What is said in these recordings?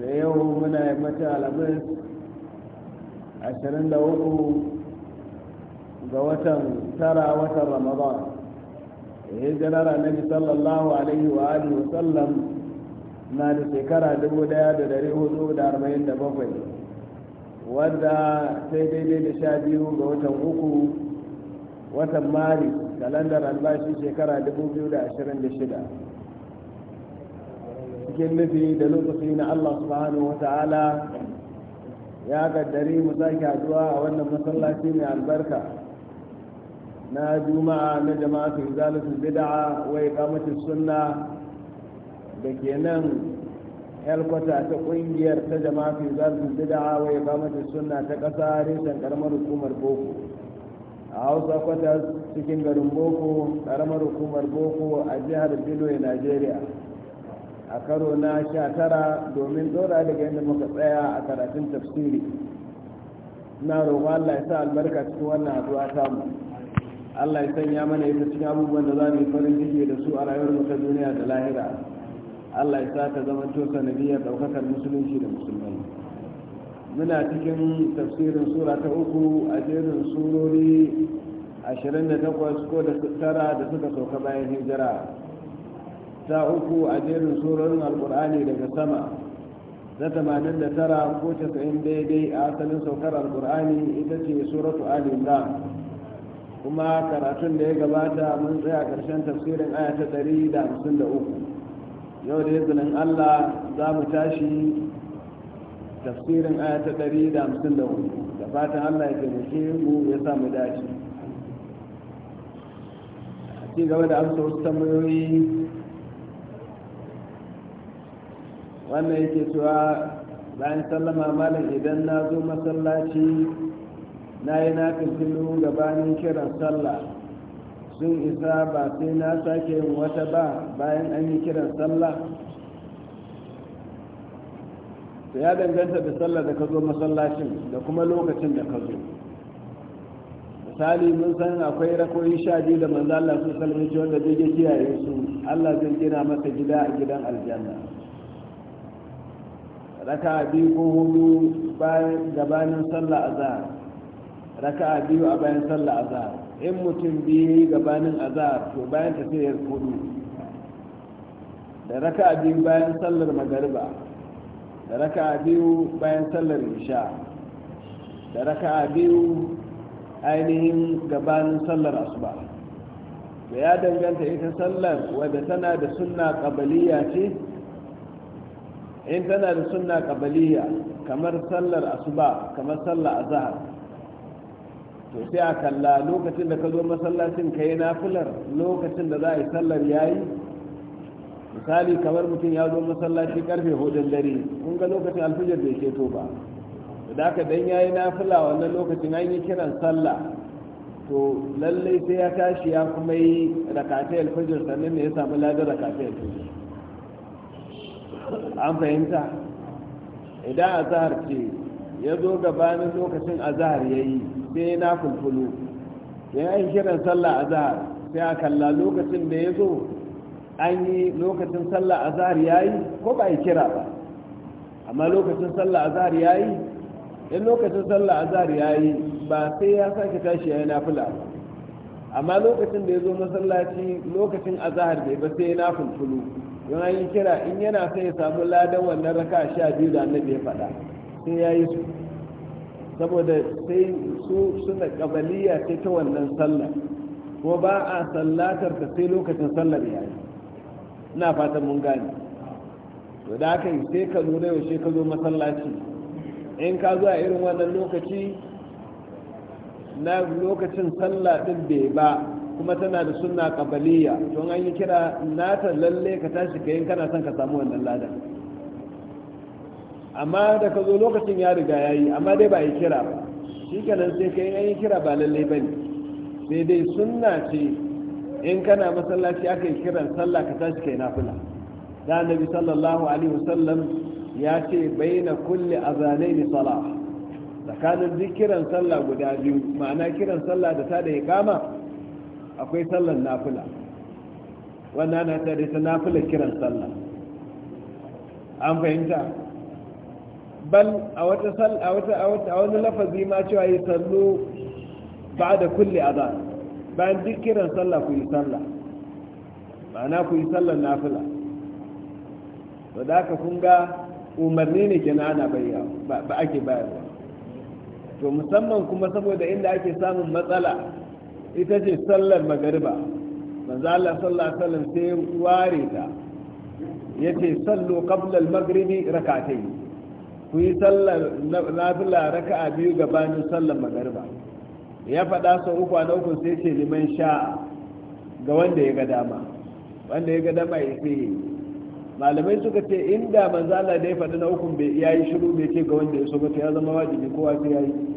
da yau muna yi mata alamis 23 ga watan tara watan ramadan janara na sallallahu alaihi wa alihi wasallam na da shekara 1447 wadda sai daidai da sha biyu ga watan uku watan maris kalandar albashi shekara 2026 cikin nufi da lokaci na Allah subhanahu wa ta'ala ya gaddari mu sake haduwa a wannan masallaci mai albarka na juma'a na jama'atu izalatul bid'a wa iqamati sunna da ke nan helkwata ta kungiyar ta jama'atu izalatul bid'a wa iqamati sunna ta kasa reshen karamar hukumar boko a hausa kwata cikin garin boko karamar hukumar boko a jihar benue nigeria. a karo na sha tara domin dora daga yadda muka tsaya a karatun tafsiri na roƙo Allah ya sa albarka cikin wannan haduwa samu Allah ya sanya mana ita cikin abubuwan da za mu yi farin ciki da su a rayuwar mu ta duniya da lahira Allah ya sa ta zama to sanadiyar ɗaukakar musulunci da musulmai muna cikin tafsirin sura ta uku a jerin surori 28 ko da tara da suka sauka bayan hijira ta uku a jerin surorin alkur'ani daga sama na tamanin da tara ko casa'in daidai a asalin saukar alkur'ani ita ce suratu ali imran kuma karatun da ya gabata mun tsaya karshen tafsirin aya ta ɗari da hamsin da uku yau da izinin allah za mu tashi tafsirin aya ta ɗari da hamsin da uku, da fatan allah ya taimake mu ya sa mu dace ci gaba da amsa wasu tambayoyi wannan yake cewa bayan sallama malam idan na zo masallaci na yi na filfilu gabanin kiran sallah sun isa ba sai na sake yin wata ba bayan an yi kiran sallah to ya danganta da sallah da ka zo masallacin da kuma lokacin da ka zo misali mun san akwai rakoyi sha biyu da manzo Allah su salmi wanda zai kiyaye su Allah zai gina masa gida a gidan aljanna raka biyu ko hudu bayan gabanin sallah azhar raka biyu a bayan sallah azhar in mutum biyu gabanin azhar to bayan ta sai hudu da raka biyu bayan sallar magariba da raka biyu bayan sallar isha da raka biyu ainihin gabanin sallar asuba da ya danganta ita sallar wadda tana da sunna qabaliyya ce in tana da sunna kabaliya kamar sallar asuba kamar sallar azhar to sai a kalla lokacin da ka zo masallacin ka yi nafilar lokacin da za a yi sallar yayi misali kamar mutum ya zo masallaci karfe hudun dare kun ga lokacin alfijar bai keto ba da aka dan yayi nafila wannan lokacin an yi kiran sallah to lallai sai ya tashi ya kuma yi rakatai alfijar sannan ne ya samu ladar rakatai alfijar. an fahimta idan azahar ce ya zo gabanin lokacin azahar ya yi sai na fulfulu ya yi kiran sallah azahar sai a kalla lokacin da ya zo an yi lokacin sallah azahar ya yi ko ba yi kira ba amma lokacin sallah azahar ya yi in lokacin sallah azahar ya yi ba sai ya sake tashi ya yi na ba amma lokacin da ya zo masallaci lokacin azahar bai ba sai ya na fulfulu in an yi kira in yana sai ya samu ladan wannan raka sha biyu da annabi ya faɗa sai ya yi su saboda sai su suna kabaliya ce ta wannan sallar ko ba a sallatar ta sai lokacin sallar ya yi ina fatan mun gane to da haka sai ka lura yaushe ka zo masallaci in ka zo a irin wannan lokaci na lokacin sallah din bai ba kuma tana da sunna kabaliya don an yi kira nata lalle ka tashi ka yin kana son ka samu wannan ladan amma da ka zo lokacin ya riga ya yi amma dai ba yi kira ba shi nan sai ka yin an yi kira ba lalle ba ne sai dai sunna ce in kana masallaci aka yi kiran sallah ka tashi ka yi nafila da annabi sallallahu alaihi wasallam ya ce baina kulli azanaini salah tsakanin duk kiran sallah guda biyu ma'ana kiran sallah da ta da iqama akwai sallar nafula. wannan na tare ta nafula kiran sallah an fahimta bal a wata a wata a wani lafazi ma cewa yi sallu ba da kulle azan bayan duk kiran sallah ku yi sallah ma'ana ku yi sallar nafula. to da aka kun ga umarni ne kenan ana bayyana ba ake bayarwa to musamman kuma saboda inda ake samun matsala ita ce sallar magariba manzo Allah sallallahu alaihi wasallam sai ware ta yace sallu qabla al-maghribi rak'atayn ku yi sallar nafila raka'a biyu gabanin sallar magariba ya fada sau uku na uku sai ce liman sha ga wanda ya ga dama wanda ya ga dama ya sai malamai suka ce inda manzo Allah da ya faɗi na uku bai yayi shiru bai ce ga wanda ya so ba ya zama wajibi kowa sai yayi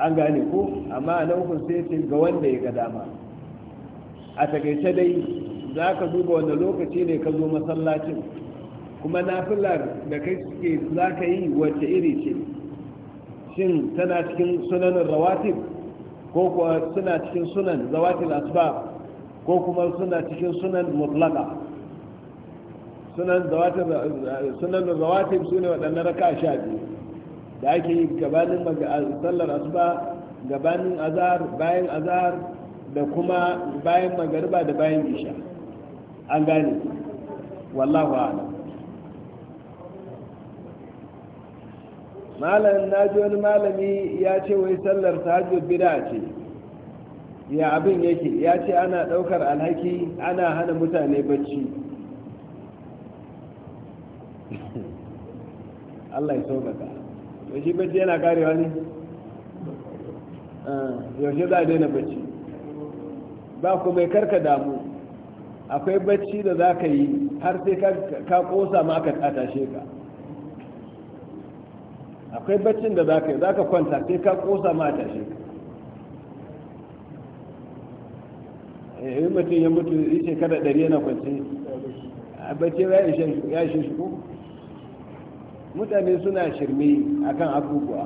an gane ko amma a ukun sai ce ga wanda ya ga dama a takaice dai za ka duba wanda lokaci ne ka zo masallacin kuma nafilar da suke za ka yi wacce iri ce shin tana cikin sunanin rawatib ko kuwa suna cikin sunan zawatil asbab ko kuma suna cikin sunan mutlaka sunan zawatil sunan rawatib sune waɗannan raka'a sha biyu da ake yi gabanin sallar asuba gabanin azar bayan azar da kuma bayan magariba da bayan isha an gane wallahu ala. malam na ji wani malami ya ce wai sallar tahajjud bid'a ce ya abin yake ya ce ana ɗaukar alhaki ana hana mutane bacci Allah ya ka. yaushe bacci yana karewa ne ah, yaushe za a daina bacci ba ku mai karka damu akwai bacci da za ka yi har sai ka kosa ma aka tashe ka akwai baccin da za ka yi za ka kwanta sai ka kosa ma a tashe ka yi eh, mutum ya mutu yi shekara ɗari yana kwanci a bacci ya ishe shi ko mutane suna shirme akan abubuwa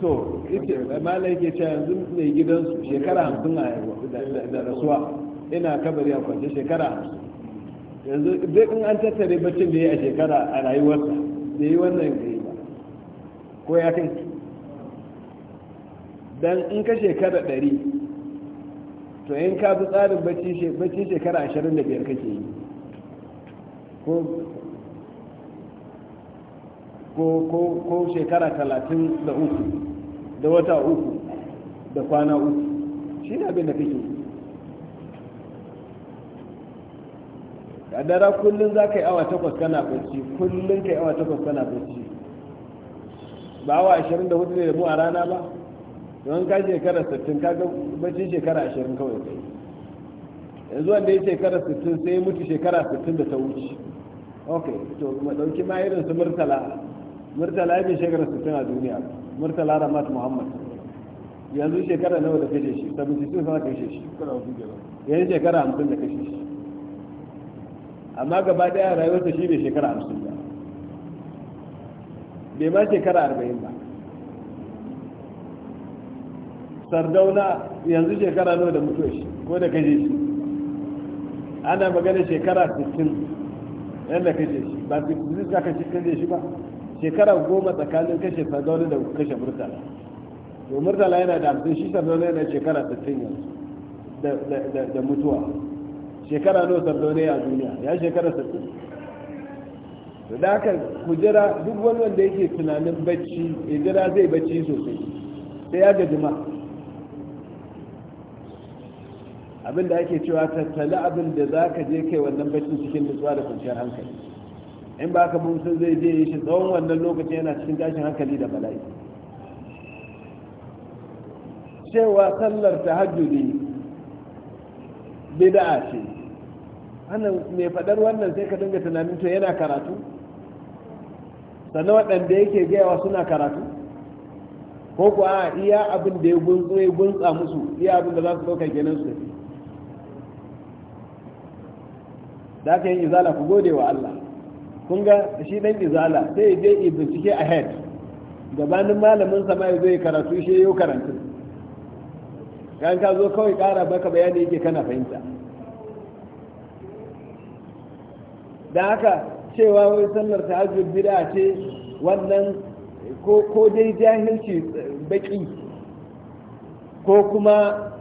to ita malai ke ce yanzu mai gidansu shekara hamsin a da rasuwa ina kabari a kwance shekara hamsin yanzu duk in an tattare baccin da ya a shekara a rayuwarsa da yi wannan yi ba ko ya kai dan in ka shekara ɗari to in ka bi tsarin bacci shekara ashirin da biyar kake yi ko ko shekara talatin da uku da wata uku da kwana uku shi ne abin da kake kadara kullum za ka yi awa takwas kana bacci kullum ka yi awa takwas kana bacci ba awa ashirin da hudu ne da mu a rana ba don ka shekara sittin ka ga bacci shekara ashirin kawai kai yanzu wanda ya shekara sittin sai ya mutu shekara sittin da ta wuce ok to mu ɗauki ma irin su murtala murtala ya bai shekara 60 a duniya murtala ramat muhammad yanzu shekara nawa da kashe shi 76 sana kashe shi yanzu shekara 50 da kashe shi amma gaba daya rayuwarsa shi bai shekara 50 ba bai ma shekara 40 ba sardauna yanzu shekara nawa da mutuwa shi ko da kashe shi ana magana shekara 60 yadda kashe shi ba su ka kashe shi ba shekara goma tsakanin kashe sardauni da kashe murtala to murtala yana da hamsin shi sardauni yana shekara sittin yanzu da mutuwa shekara nawa sardauni a duniya ya shekara sittin da haka ku jira duk wani wanda yake tunanin bacci ya jira zai bacci sosai sai ya ma, abin da ake cewa tattali abin da za ka je kai wannan bacci cikin nutsuwa da kwanciyar hankali in ba ka mutum zai je shi tsawon wannan lokacin yana cikin tashin hankali da bala'i cewa sallar ta ne bid'a ce hannun mai fadar wannan sai ka dinga tunanin to yana karatu sannan waɗanda yake gayawa suna karatu ko kuwa iya abin da ya gunso gunsa musu iya abin da za su ɗauka kenan su da ka yin izala ku gode wa Allah kun ga shi dan izala sai je yi bincike head gabanin malamin sama ya zai karatu shi yau karatu kan ka zo kawai kara baka bayani yake kana fahimta da haka cewa wai sallar tahajjud bid'a ce wannan ko ko dai jahilci baki ko kuma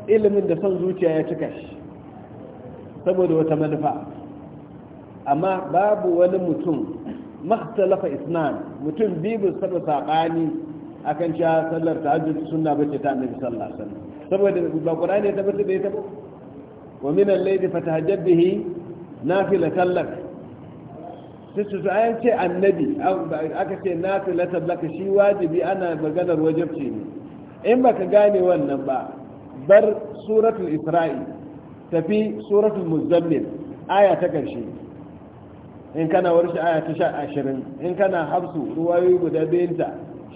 ilimin da son zuciya ya cika shi saboda wata manufa amma babu wani mutum makhtalafa isnan mutum biyu saba sabani akan cewa sallar tahajjud sunna bace ta annabi sallallahu alaihi wasallam saboda ba qur'ani ya tabbata da ita ba wa min al-layli fatahajjad bihi nafilatan lak sai su ayan ce annabi aka ce nafilatan lak shi wajibi ana maganar wajibci ne in baka gane wannan ba bar suratul isra'i tafi suratul muzammil aya ta karshe in kana warshi aya ta sha ashirin in kana habsu ruwayoyi guda biyun ta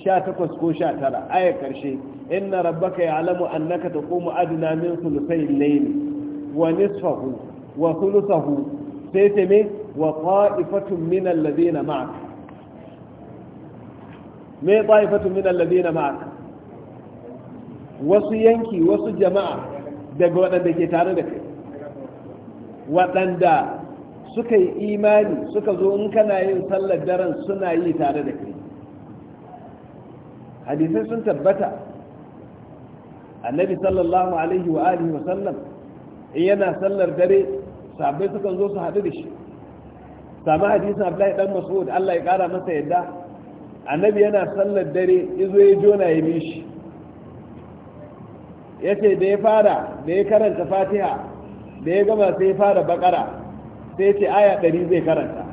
sha takwas ko sha tara aya karshe inna rabbaka ya'lamu annaka taqumu adna min thuluthay al wa nisfahu wa thuluthahu sai ta me wa qa'ifatun min alladhina ma'ak me qa'ifatun min alladhina ma'ak wasu yanki wasu jama'a daga waɗanda ke tare da kai waɗanda suka yi imani suka zo in kana yin sallar daren suna yi tare da kai hadisai sun tabbata annabi sallallahu alaihi wa alihi wa sallam in yana sallar dare sabai sukan zo su haɗu da shi sami hadisin abdullahi dan mas'ud Allah ya kara masa yadda annabi yana sallar dare izo ya jona ya bi shi yace da ya fara da ya karanta fatiha da ya gama sai ya fara bakara sai ya ce aya ɗari zai karanta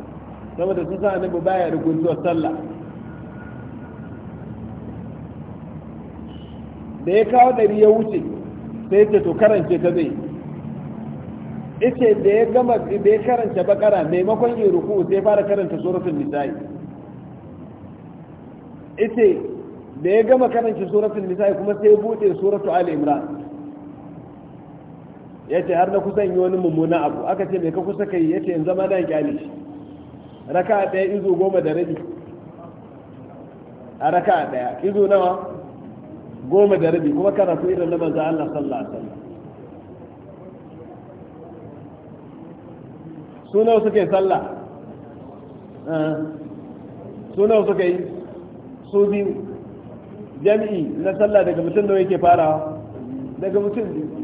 saboda sun sa annabi baya rukuntuwar sallah da ya kawo ɗari ya wuce sai ce to karance ta zai ita da ya gama da ya karanta bakara maimakon yin ruku sai fara karanta suratul nisa'i ita da ya gama karanta suratul nisa'i kuma sai bude suratul ali imran ya ce har na kusan yi wani mummuna abu aka ce mai ka kusa yi ya ce yanzu ma na gyane shi raka ɗaya izo goma da rabi a raka ɗaya izo nawa goma da rabi kuma karatu irin na manzo Allah sallallahu alaihi wasallam su suke sallah suna ah. suke suka yi su biyu jami'i na sallah daga mutum da yake farawa daga mutum biyu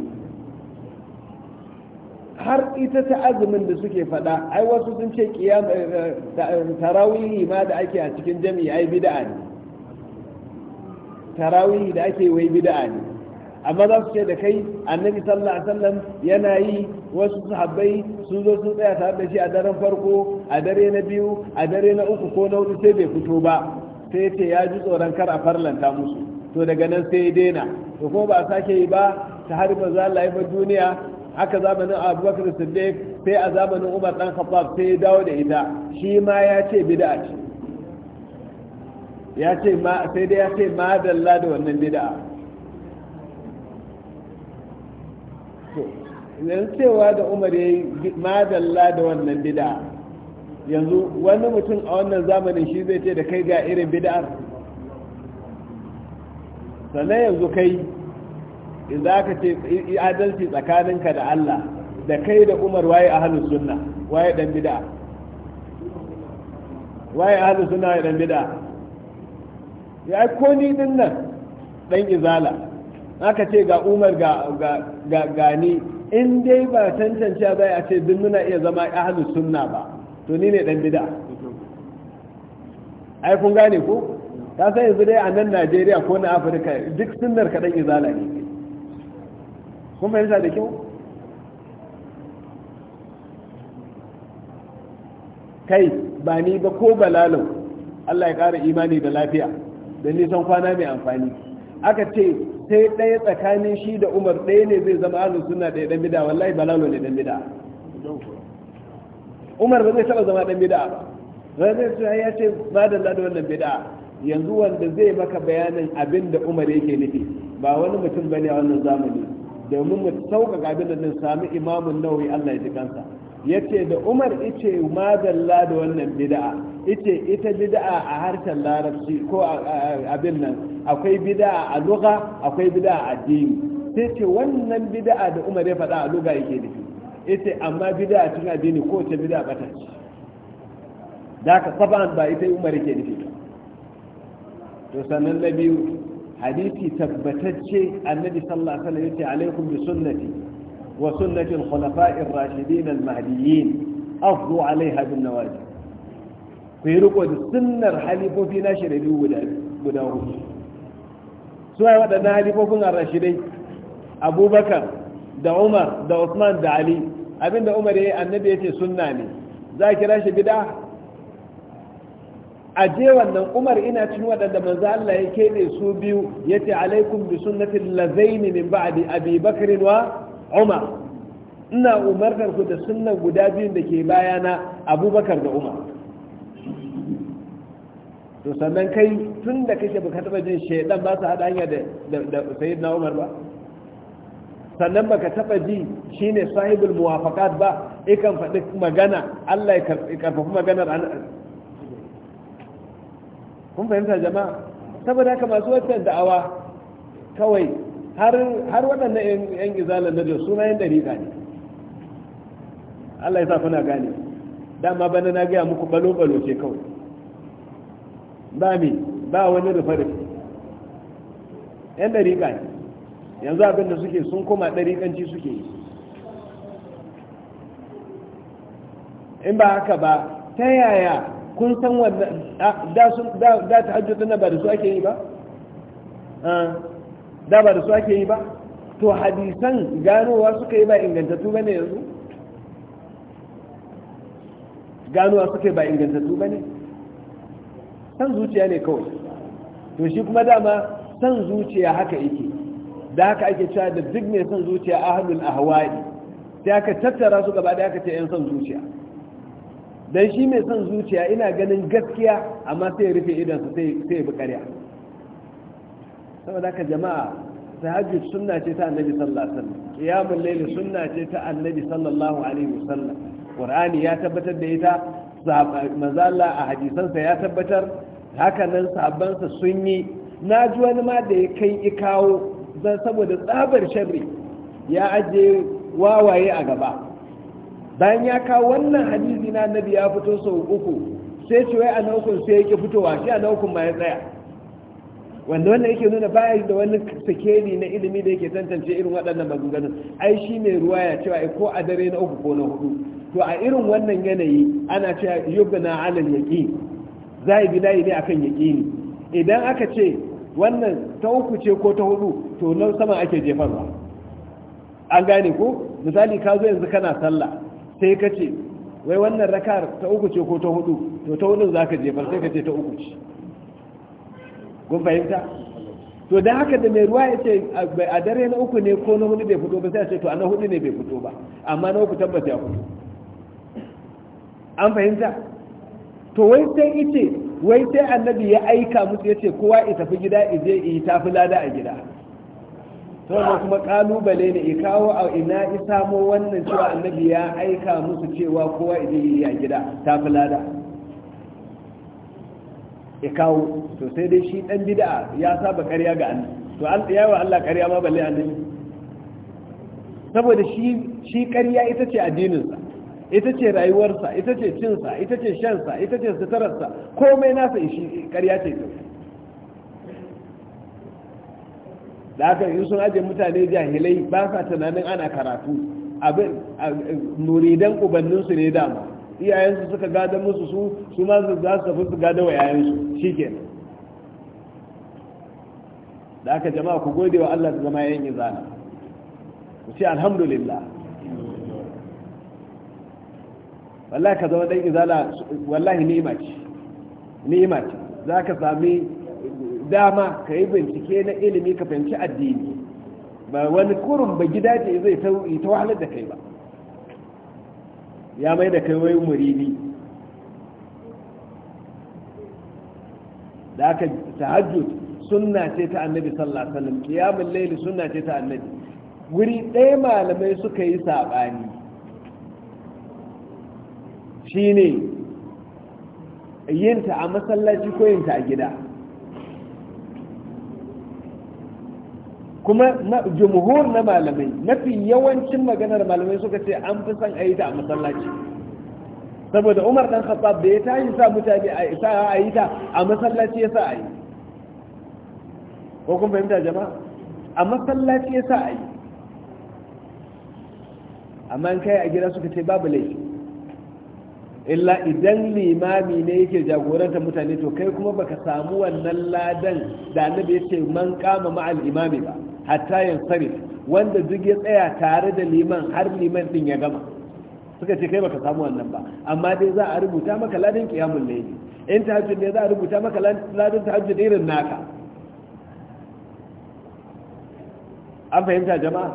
har ita ta azumin da suke faɗa ai wasu sun ce eh, eh, eh, tarawihi ma da ake a cikin jami'i ai bid'a ne tarawihi da ake wai bid'a ne amma za su ce da kai annabi sallallahu alaihi wasallam yana yi wasu sahabbai sun zo sun tsaya tare da shi a daren farko a dare na biyu a dare na uku ko na hudu sai bai fito ba sai ce ya ji tsoron kar a farlanta musu to daga nan sai ya daina to ko ba a sake yi ba ta har maza layi ba duniya haka zamanin abubakar siddiq sai a zamanin umar dan khattab sai ya dawo da ita shi ma ya ce bid'a ce ya ce ma sai dai ya ce ma dalla da wannan bid'a yanzu cewa da umar yayi ma dalla da wannan bid'a yanzu wani mutum a wannan zamanin shi zai ce da kai ga irin bid'ar sannan yanzu kai In za ka ce adalci tsakaninka da Allah da kai da Umar waye a halin sunna waye dan bid'a waye a halin sunna waye dan bid'a ya ko ni din nan dan izala aka ce ga Umar ga ga ga ni in dai ba tantance ba a ce duk muna iya zama a halin sunna ba to ni ne dan bid'a ai kun gane ko ta san yanzu dai a nan Najeriya ko na Afirka duk sunnar ka dan izala ne kun fahimta da kyau kai ba ni ba ko balalau Allah ya ƙara imani da lafiya da nisan kwana mai amfani aka ce sai ɗaya tsakanin shi da umar ɗaya ne zai zama ahlus suna ɗaya ɗan bida wallahi balalau ne ɗan bida umar ba zai taɓa zama ɗan bida ba ranar su ya ce ba da lada wannan bida yanzu wanda zai maka bayanin abin da umar yake nufi ba wani mutum bane a wannan zamani domin mu sauka abin da sami imamun nawawi Allah ya ji kansa yace da Umar ice madalla da wannan bid'a ice ita bid'a a harshen larabci ko abin nan akwai bid'a a lugha akwai bid'a a addini sai ce wannan bid'a da Umar ya faɗa a lugha yake da ita amma bid'a cikin addini ko ta bid'a bata ce da ka saban ba ita Umar yake da to sanan na biyu hadisi tabbatacce annabi sallallahu alaihi wasallam yace alaikum bi sunnati wa sunnati al-khulafa'i ar-rashidin al-mahdiyyin afdu alaiha bin nawajib ku yi riko da sunnar halifofi na shirari guda guda hudu su ai waɗannan halifofin a rashidai abubakar da umar da usman da ali abinda umar yayi annabi yace sunna ne za ki rashi bid'a a je wannan umar ina cin waɗanda manzo Allah ya keɓe su biyu ya ce alaikum bi sunnati lazaini min ba'di abi bakrin wa umar ina umartar ku da sunnan guda biyun da ke bayana abubakar da umar to sannan kai tun da kake baka taɓa jin shaidan ba su haɗa hanya da sayyidina umar ba sannan baka taba ji shine sahibul muwafaqat ba ikan faɗi magana Allah ya karfafi maganar kun fahimta jama'a saboda haka masu waccan da'awa kawai har waɗannan 'yan izalar na jos suna yin ɗariƙa ne allah ya sa kuna gane dama bana na gaya muku balo-balo ce kawai ba mi ba wani rufe-rufe 'yan ɗariƙa ne yanzu abinda suke sun koma ɗariƙanci suke yi in ba haka ba ta yaya kun san wannan da sun da ta ba da su ake yi ba da ba da su ake yi ba to hadisan ganowa suka yi ba ingantattu bane yanzu ganowa suka yi ba ingantattu bane san zuciya ne kawai to shi kuma dama san zuciya haka yake da haka ake cewa da duk mai san zuciya ahlul ahwa'i sai aka tattara su gaba da aka ce yan san zuciya dan shi mai son zuciya ina ganin gaskiya amma sai ya rufe su sai ya bi ƙarya saboda haka jama'a sahajju sunna ce ta annabi sallallahu alaihi wasallam qiyamul layl sunna ce ta annabi sallallahu alaihi wasallam qur'ani ya tabbatar da ita manzala a hadisansa ya tabbatar hakanan sa sun yi na ji wani ma da ya kai ikawo Zan saboda tsabar sharri ya aje wawaye a gaba bayan ya kawo wannan hadisi na annabi ya fito sau uku sai ce wai a naukun sai yake fitowa sai a naukun ma ya tsaya wanda wannan yake nuna baya da wani sakeni na ilimi da yake tantance irin waɗannan maganganun ai shi ne ruwa ya cewa ai ko a dare na uku ko na hudu to a irin wannan yanayi ana cewa yubna alal yaqin zai bi layi ne akan yaqini idan aka ce wannan ta uku ce ko ta hudu to nan sama ake jefarwa an gane ko misali ka zo yanzu kana sallah sai ka ce wai wannan rakar ta uku ce ko ta hudu to ta hudun za ka jefar sai ka ce ta uku ce kun fahimta to da haka da mai ruwa ya ce a dare na uku ne ko na hudu bai fito ba sai a ce to a na hudu ne bai fito ba amma na uku tabbata ya fito an fahimta to wai sai ice wai sai annabi ya aika musu ya ce kowa ya tafi gida ije yi tafi lada a gida wannan kuma kalubale ne ikawo kawo a ina isa mu wannan cewa annabi ya aika musu cewa kowa idan yi a gida ta fi lada ya kawo to sai dai shi dan bid'a ya saba ƙarya ga annabi to an tsaya wa Allah ƙarya ma balle annabi saboda shi shi ƙarya ita ce addininsa ita ce rayuwarsa ita ce cinsa ita ce shansa ita ce sutararsa, komai nasa shi ƙarya ce to da haka in sun ajiye mutane jahilai ba sa tunanin ana karatu abin muridan ubanninsu ne dama iyayensu suka gada musu su su ma su za su tafi su gada wa yayansu shikenan da haka jama'a ku gode wa Allah zama yan izana ku ce alhamdulillah wallahi ka zama dan izala wallahi ni'ima ce ni'ima ce za ka sami dama ka yi bincike na ilimi ka fahimci addini ba wani kurin ba gida ce zai ta wahalar da kai ba ya mai da kai wai muridi da aka tahajjud sunna ce ta annabi sallallahu alaihi wasallam qiyamul layl sunna ce ta annabi guri ɗaya malamai suka yi sabani shine yin ta a masallaci ko yin ta a gida kuma jumhur na malamai mafi yawancin maganar malamai suka ce an fi son a yi ta a masallaci saboda umar dan khattab da ya tashi sa mutane a isa a yi ta a masallaci ya sa a yi ko kun fahimta jama'a a masallaci ya sa a yi amma in kai a gida suka ce babu laifi illa idan limami ne yake jagoranta mutane to kai kuma baka samu wannan ladan da annabi ya ce man kama ma'al imami ba hatta yansarif wanda duk ya tsaya tare da liman har liman din ya gama suka ce kai baka samu wannan ba amma dai za a rubuta maka ladin qiyamul layli in tahajjud ne za a rubuta maka ladin tahajjud irin naka an fahimta jama'a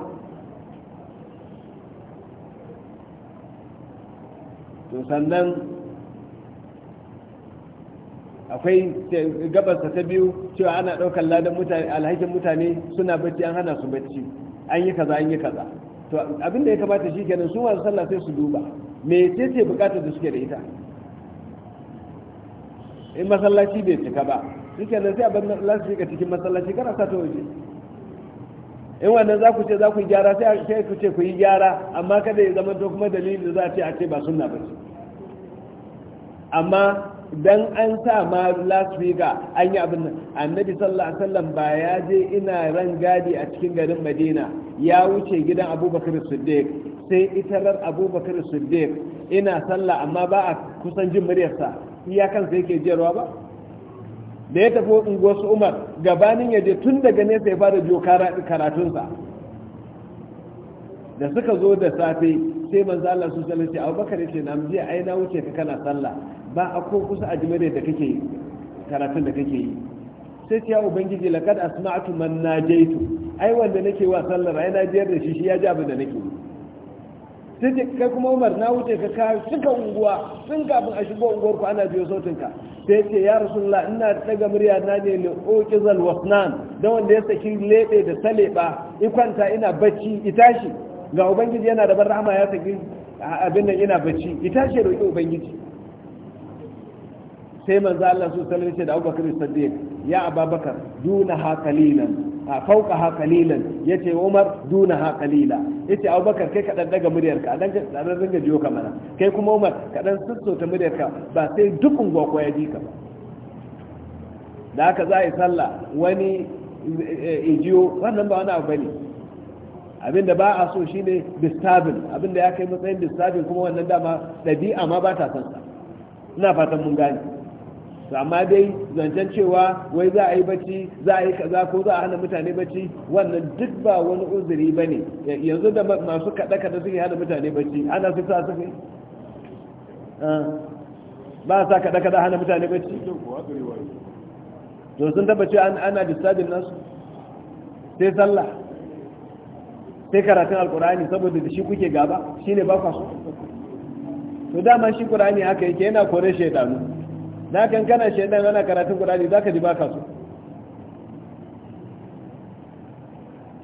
to sannan akwai gabasa ta biyu cewa ana ɗaukar ladan mutane alhakin mutane suna bacci an hana su bacci an yi kaza an yi kaza to abin da ya kamata shi kenan su masu sallah sai su duba me ce ce bukatar da suke da ita in masallaci bai cika ba shi kenan sai abin da su shiga cikin masallaci kana sa ta waje in wannan za ku ce za ku gyara sai ku ce ku yi gyara amma kada ya zama to kuma dalilin da za a ce a ce ba sunna ba amma dan an sa ma last week an yi abin annabi sallallahu alaihi wasallam ba ya je ina ran gadi a cikin garin madina ya wuce gidan abubakar siddiq sai itarar abubakar siddiq ina sallah amma ba a kusan jin muryarsa kan sai yake jiyarwa ba da ya tafi unguwarsu umar gabanin ya je tun daga nesa ya fara karatun karatunsa da suka zo da safe sai manzo Allah su sallallahu alaihi wasallam abubakar yace na mu je ai wuce ka kana sallah ba a ko kusa a jimare da kake karatun da kake yi sai ce ya ubangiji laqad asma'tu man najaitu ai wanda nake wa sallar ai na jiyar da shi shi ya ji abin da nake yi sai ce kai kuma Umar na wuce ka ka suka unguwa sun kafin a shigo unguwar ku ana biyo sautin ka sai ce ya rasulullah ina daga murya na ne li uqizal wasnan dan wanda ya saki lebe da saleba ikwanta ina bacci itashi ga ubangiji yana da ban rahama ya saki abin nan ina bacci itashi roki ubangiji sai manzo Allah su sallallahu alaihi da Abubakar Siddiq ya Ababakar duna ha kalilan a fauka ha kalilan yace Umar duna ha kalila yace Abubakar kai ka dan daga muryarka dan ka dan ringa jiyo ka mana kai kuma Umar ka dan sassauta muryarka ba sai dukun gwakwa ya ji ka ba da haka za a yi sallah wani ijiyo eh, eh, wannan ba wani abu bane abinda ba a so shine disturbing abinda ya kai matsayin disturbing kuma wannan dama ɗabi'a ma ba ta san sa ina fatan mun gane to amma dai zancen cewa wai za a yi bacci za a yi kaza ko za a hana mutane bacci wannan duk ba wani uzuri ba ne yanzu da masu kaɗe-kaɗe suke hana mutane bacci ana su sa suke ah, ba sa kaɗe-kaɗe hana mutane bacci to sun tabbaci ana disturbing nasu sai sallah sai karatun alkurani saboda da shi kuke gaba shi ne ba kwaso to dama shi kurani haka yake yana kore shaidanu na kan kana shaidan yana karatun kurani za ka ji ba ka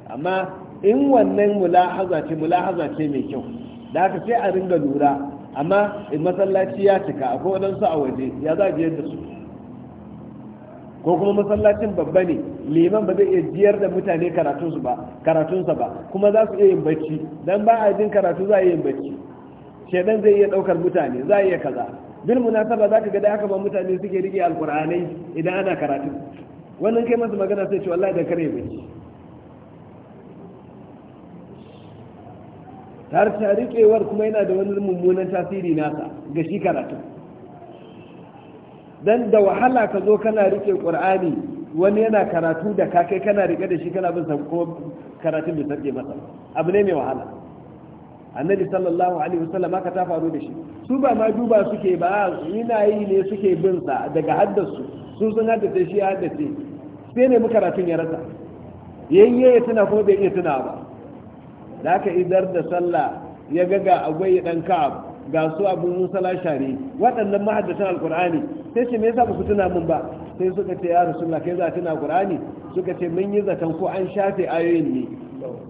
amma in wannan mulahaza ce mulahaza ce mai kyau da ka sai a ringa lura amma in masallaci ya cika akwai waɗansu a waje ya za biyar su ko kuma masallacin babba ne liman ba zai iya jiyar da mutane karatunsu ba karatunsa ba kuma za su iya yin bacci dan ba a jin karatu za a yi yin bacci shedan zai iya ɗaukar mutane za a iya kaza bil munasaba zaka ga da haka ba mutane suke rike alqur'anai idan ana karatu wannan kai masa magana sai ce wallahi da kare bace tar ta rikewar kuma yana da wani mummunan tasiri nasa ga shi karatu dan da wahala ka zo kana rike qur'ani wani yana karatu da ka kai kana rike da shi kana bin sa ko karatu bai sarke masa abu ne mai wahala annabi sallallahu alaihi wasallam haka ta faru da shi su ba ma duba suke ba ina yi ne suke bin sa daga haddasu su sun haddace shi ya haddace sai ne karatun ya rasa yayye ya tuna ko bai iya tuna ba da aka idar da sallah ya ga ga agwai dan ka'ab ga su abun musala share waɗannan mahaddatan alqur'ani sai ce me yasa ba ku tuna min ba sai suka ce ya rasulullah kai za tuna qur'ani suka ce mun yi zaton ko an shafe ayoyin ne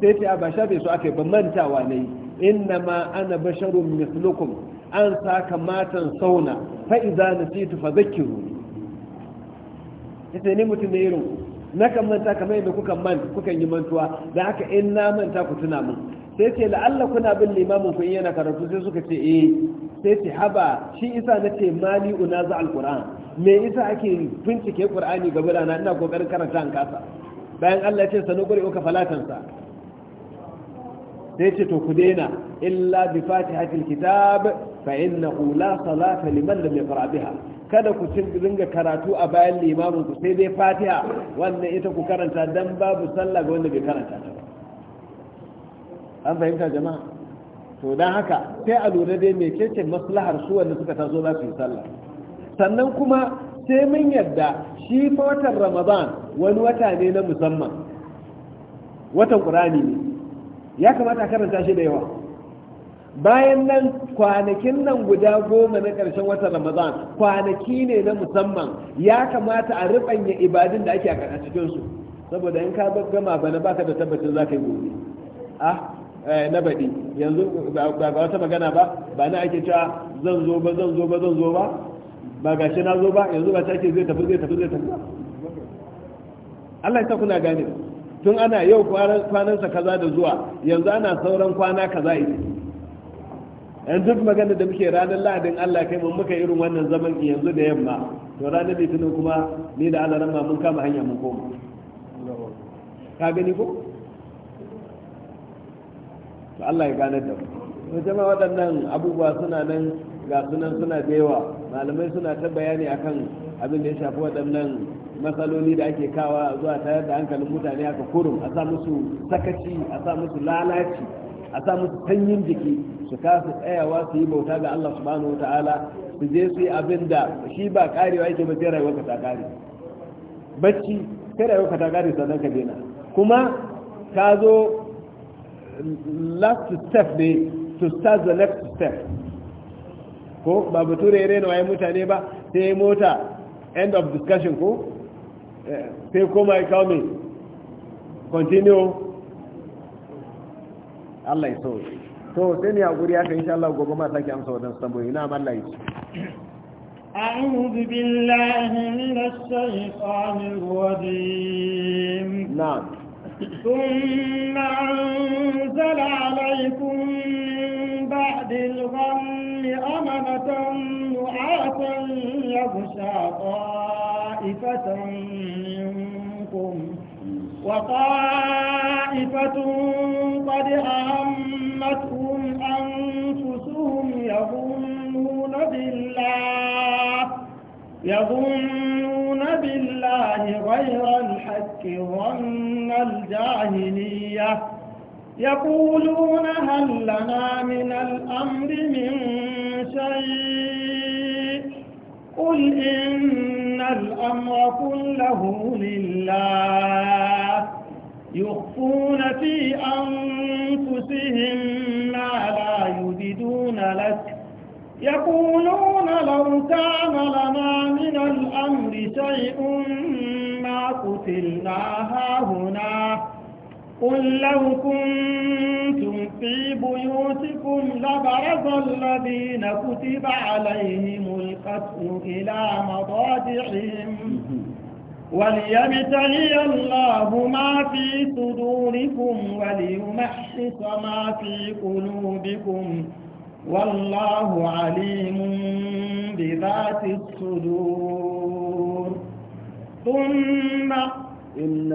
sai ce ba shafe su aka ba mantawa ne ma ana basharun mislukum an saka matan sauna fa idza nasitu zakiru yace ne mutum ne irin na kan manta kamar yadda kuka man kuka yi mantuwa da haka in na manta ku tuna min sai ce la'alla kuna bin limamin ku yana karatu sai suka ce eh sai ce haba shi isa na ce mali unaza alquran me isa ake bincike qur'ani ga da ina kokarin karanta an kasa bayan Allah ya ce sanuqri uka falatansa sai ce to ku daina illa bi fatihatil kitab fa innahu la salata liman lam yaqra biha kada ku dinga karatu a bayan limamin ku sai dai fatiha wannan ita ku karanta dan babu sallah ga wanda bai karanta ta an fahimta jama'a to dan haka sai a lura dai me kece maslahar su wanda suka taso za su yi sallah sannan kuma sai mun yarda shi fa watan ramadan wani wata ne na musamman watan qur'ani ne ya kamata a karanta shi da yawa bayan nan kwanakin nan guda goma na ƙarshen watan ramadan kwanaki ne na musamman ya kamata a ribanya ibadun da ake a cikinsu saboda in ka gama bana baka da tabbacin za ka yi gobe ah eh, na baɗi yanzu ba wata magana ba ba na ake cewa zan zo ba zan zo ba zan zo ba ba shi na zo ba yanzu ba ta ke zai tafi zai tafi zai tafi Allah ya sa kuna gane tun ana yau kwanansa kaza da zuwa yanzu ana sauran kwana kaza ita yan duk magana da muke ranar lahadin allah kai mun muka irin wannan zaman yanzu da yamma to ranar litinin kuma ni da allah ma mun kama hanya mun koma ka gani ko to allah ya gane da mu jama'a waɗannan abubuwa suna nan ga sunan suna da yawa malamai suna ta bayani akan abin da ya shafi waɗannan matsaloli da ake kawa zuwa tayar da hankalin mutane haka kurum a sa musu sakaci a sa musu lalaci a sa musu sanyin jiki su kasa tsayawa su yi bauta ga Allah subhanahu wa ta'ala su je su yi abin da shi ba karewa yake ba sai rayuwarka ta kare bacci sai rayuwarka ta kare sannan ka daina kuma ka zo last step ne to start the next step ko ba bature ya rena waye mutane ba sai mota end of discussion ko sai koma ya kawo mai continue Allah ya so to sai ne a guri aka insha Allah gobe ma sake amsa wajen tambayoyi na amma Allah ya ce أعوذ بالله من الشيطان الرجيم نعم ثم أنزل عليكم من بعد الغم أمنة نعاسا يغشى طائفة منكم وطائفة قد أهمتهم أنفسهم يظنون بالله يظنون بالله غير الحق ظن الجاهلية يقولون هل لنا من الأمر من شيء قل إن الأمر كله لله يخفون في أنفسهم ما لا يبدون لك يقولون لو كان لنا من الأمر شيء ما قتلنا هاهنا قل لو كنتم في بيوتكم لبرز الذين كتب عليهم القتل إلى مضاجعهم وليبتلي الله ما في صدوركم وليمحص ما في قلوبكم ۖ والله عليم بذات الصدور ثم إن,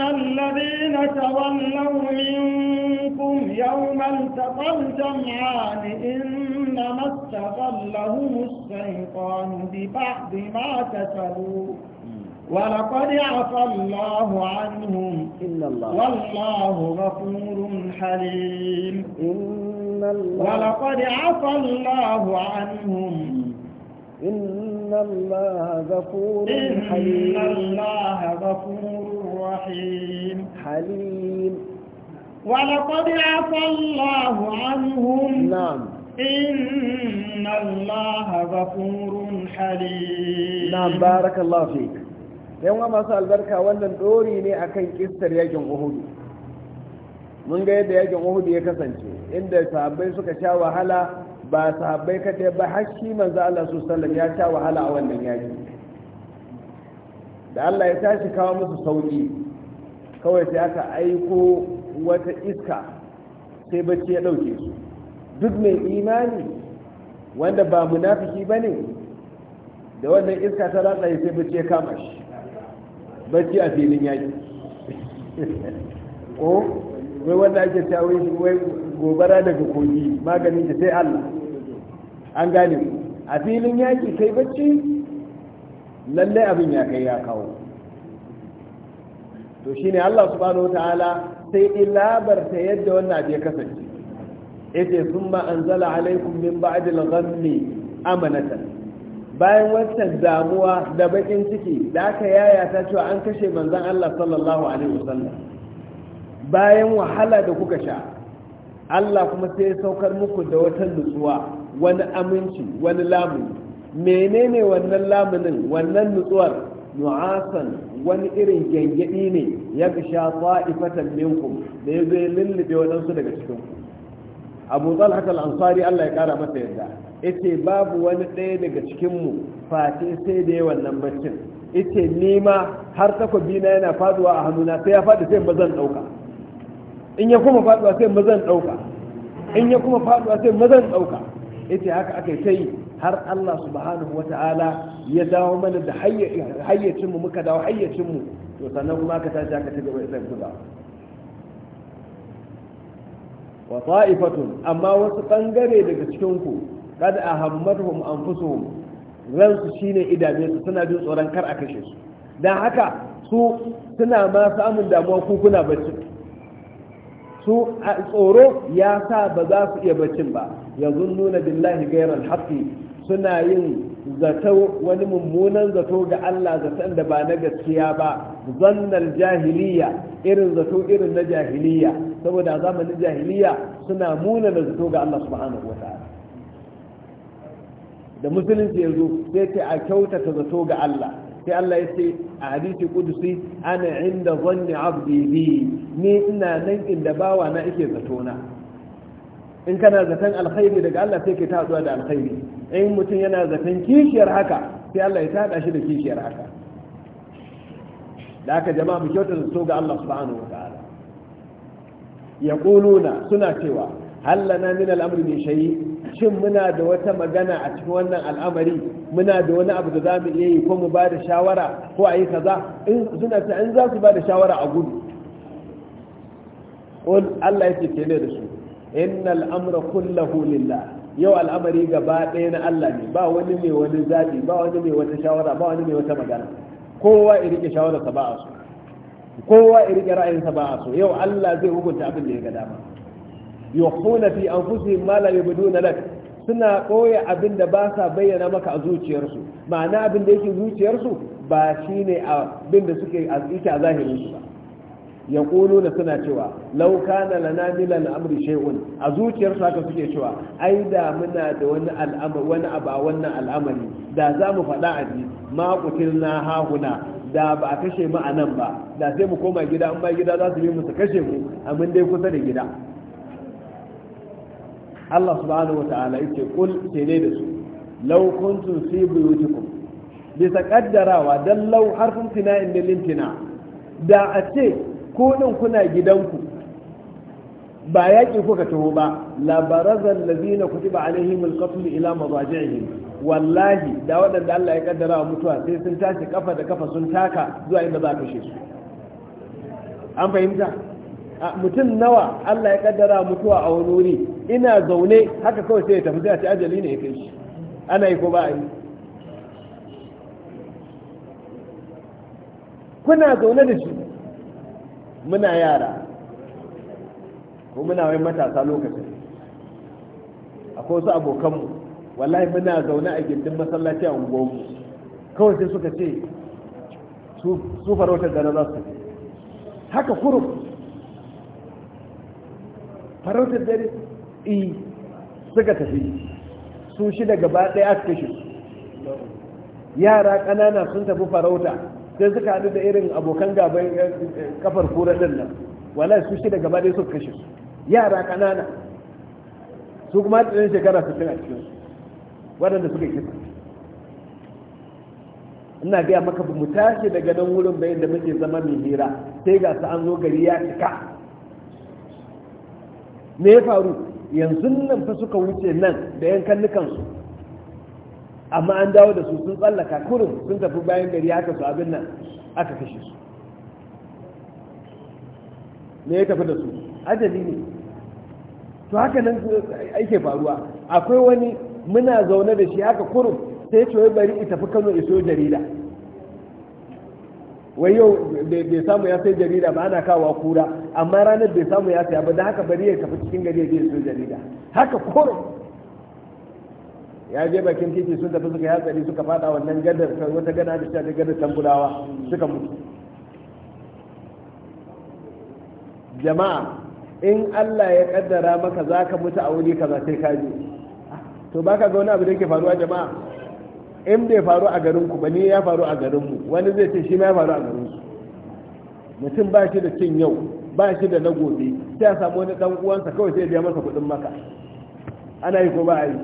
الذين تولوا منكم يوم التقى الجمعان إنما استغلهم الشيطان ببعض ما كسبوا ولقد عفى الله عنهم إن الله والله غفور حليم ولقد عفى الله عنهم إن الله غفور حليم إن الله غفور رحيم حليم ولقد عفى الله عنهم نعم إن الله غفور حليم نعم بارك الله فيك يوم ما سأل بركة وانا دوري لي أكن كسر يجن mun ga yadda yakin uhud ya kasance inda sahabbai suka sha wahala ba sahabbai kadai ba har shi manzo Allah su sallam ya sha wahala a wannan yaki da Allah ya tashi kawo musu sauki kawai sai aka aiko wata iska sai bacci ya dauke su duk mai imani wanda ba munafiki bane da wannan iska ta ratsaye sai bacci ya kama shi bacci a filin yaki ko wai wanda ake cewa wai wai gobara daga kogi maganin ta sai Allah an gane a filin yaki kai bacci lallai abin ya kai ya kawo to shine Allah subhanahu wataala sai ta yadda wannan abin ya kasance yace summa anzala alaikum min ba'd al-ghammi amanatan bayan wancan damuwa da bakin ciki da aka yaya ta cewa an kashe manzon Allah sallallahu alaihi wasallam bayan wahala da kuka sha Allah kuma sai ya saukar muku da wata nutsuwa wani aminci wani lamuni menene wannan lamunin wannan nutsuwar nu'asan wani irin gyangyaɗi ne ya sha fa'ifatan minku da ya zai lullube waɗansu daga cikin ku abu ansari Allah ya kara masa yadda yace babu wani ɗaya daga cikin mu face sai da yawan nan baccin yace ni ma har takobi na yana faduwa a hannuna sai ya faɗi sai ba zan ɗauka in ya kuma faduwa sai mazan ɗauka in ya kuma faduwa sai mazan ɗauka ita haka aka ta yi har Allah subhanahu wa ta'ala ya dawo mana da hayyacinmu muka dawo hayyacinmu to sannan kuma aka tashi aka ci wai da kuma wa ta'ifatun amma wasu bangare daga cikin ku kada a hammatuhum anfusuhum su shine idame su suna jin tsoron kar a kashe su dan haka su suna ma samun damuwa ku kuna bacci su tsoro ya sa ba za su iya bacin ba yanzu nuna billahi gairar haƙi suna yin zato wani mummunan zato ga Allah zaton da ba na gaskiya ba zannar jahiliya irin zato irin na jahiliya saboda zamanin jahiliya suna muna da zato ga Allah subhanahu wa ta'ala da musulunci yanzu sai ce a kyautata zato ga Allah sai Allah ya ce a hadisi kudusi ana inda zanni abdi bi ni ina nan inda bawa na yake zato na in kana zaton alkhairi daga Allah sai ke taɗuwa da alkhairi in mutum yana zaton kishiyar haka sai Allah ya taɗa shi da kishiyar haka da aka jama'a mu kyautar zato ga Allah subhanahu wa ta'ala yaquluna suna cewa hallana min al-amri min shay'in shin muna da wata magana a cikin wannan al'amari muna da wani abu da za mu iya yi ko mu ba da shawara ko a yi kaza in suna ta in za su ba da shawara a gudu Allah ya ce da su Inna amra kullahu lillah yau al'amari gaba ɗaya na Allah ne ba wani mai wani zaɓi ba wani mai wata shawara ba wani mai wata magana kowa ya rike shawararsa ba a so kowa ya rike ra'ayinsa ba a so yau Allah zai hukunta abin da ya ga dama yukhuna fi anfusihim ma la yubduna lak suna koya abinda ba sa bayyana maka a zuciyarsu ma'ana abin da yake zuciyarsu ba shine abin da suke yake a zahirin su ba yaquluna suna cewa law kana lana amri shay'un a zuciyarsu haka suke cewa ai da muna da wani al'amari wani aba wannan al'amari da za mu faɗa a ji ma kutilna hahuna da ba a kashe mu a nan ba da sai mu koma gida an ba gida za su yi mu su kashe mu amin dai kusa da gida Allah subhanahu wa ta'ala yake kul sai dai da su law kuntum fi buyutikum bisa kaddarawa dan law harfin tina'in da lintina da a ce ko din kuna gidanku ba yaƙi kuka taho ba labarazan lazina kutiba alaihim alqatl ila mazaji'ihim wallahi da waɗanda Allah ya kaddara wa mutuwa sai sun tashi kafa da kafa sun taka zuwa inda za ka kashe su an fahimta mutum nawa Allah ya kaddara mutuwa a wani wuri ina zaune haka kawai sai ya tafi zai ce ajali ne ya kai shi ana yi ko ba a yi kuna zaune da shi muna yara ko muna wai matasa lokacin akwai wasu abokanmu wallahi muna zaune a gindin masallaci a unguwanmu kawai sai suka ce su farautar da na za su haka kurum farautar dare i e, suka tafi su shida gaba ɗaya a kashe yara ƙanana sun tafi farauta sai suka haɗu da irin abokan gaban eh, eh, kafar kura ɗin nan wala su shida gaba ɗaya su kashe yara ƙanana su kuma ɗin shekara su cin cikin waɗanda suka kisa ina gaya maka mu tashi daga nan wurin bayan da muke zama mai hira sai ga su an zo gari ya cika me ya faru yanzu nan fa suka wuce nan da yan su, amma an dawo da su sun tsallaka kurin sun tafi bayan gari haka su abin nan aka kashe su me ya tafi da su ajali ne to haka nan ake faruwa akwai wani muna zaune da shi haka kurum sai ce bari in tafi kano iso jarida wai yau bai samu ya sai jarida ba ana kawo kura amma ranar bai samu ya sai ba da haka bari ya tafi cikin gari ya je su jarida haka koro ya je bakin titi sun tafi suka hatsari suka fada wannan gadar wata gada da shafi gadar tambulawa suka mutu jama'a in Allah ya kaddara maka za ka mutu a wuri kaza sai ka je to baka ga wani abu da yake faruwa jama'a in bai faru a garin ku ba ne ya faru a garin mu wani zai ce shi ma ya faru a garin su mutum ba shi da cin yau ba shi da na gobe sai ya samu wani dan uwansa kawai sai ya biya masa kuɗin maka ana yi ko ba a yi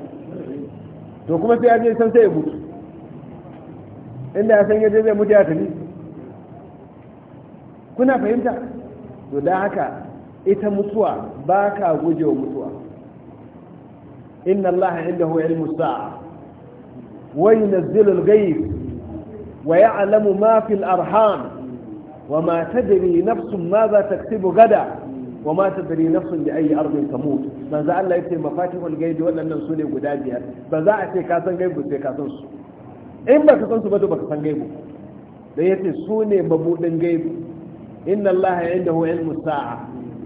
to kuma sai ya je san sai ya mutu inda ya san yaje zai mutu ya tafi kuna fahimta to da haka ita mutuwa ba ka gujewa mutuwa inna allaha indahu ilmus sa'a وينزل الغيث ويعلم ما في الأرحام وما تدري نفس ماذا تكتب غدا وما تدري نفس بأي أرض تموت ما زال الله يتي مفاتيح الغيب ولا ننسوني قدادية ما زال أتي كاسن غيب وتي كاسن سو إن بك سن سو بدو بك سن غيب da ya ce su ne mabudin gaibu inna allaha indahu ilmu sa'a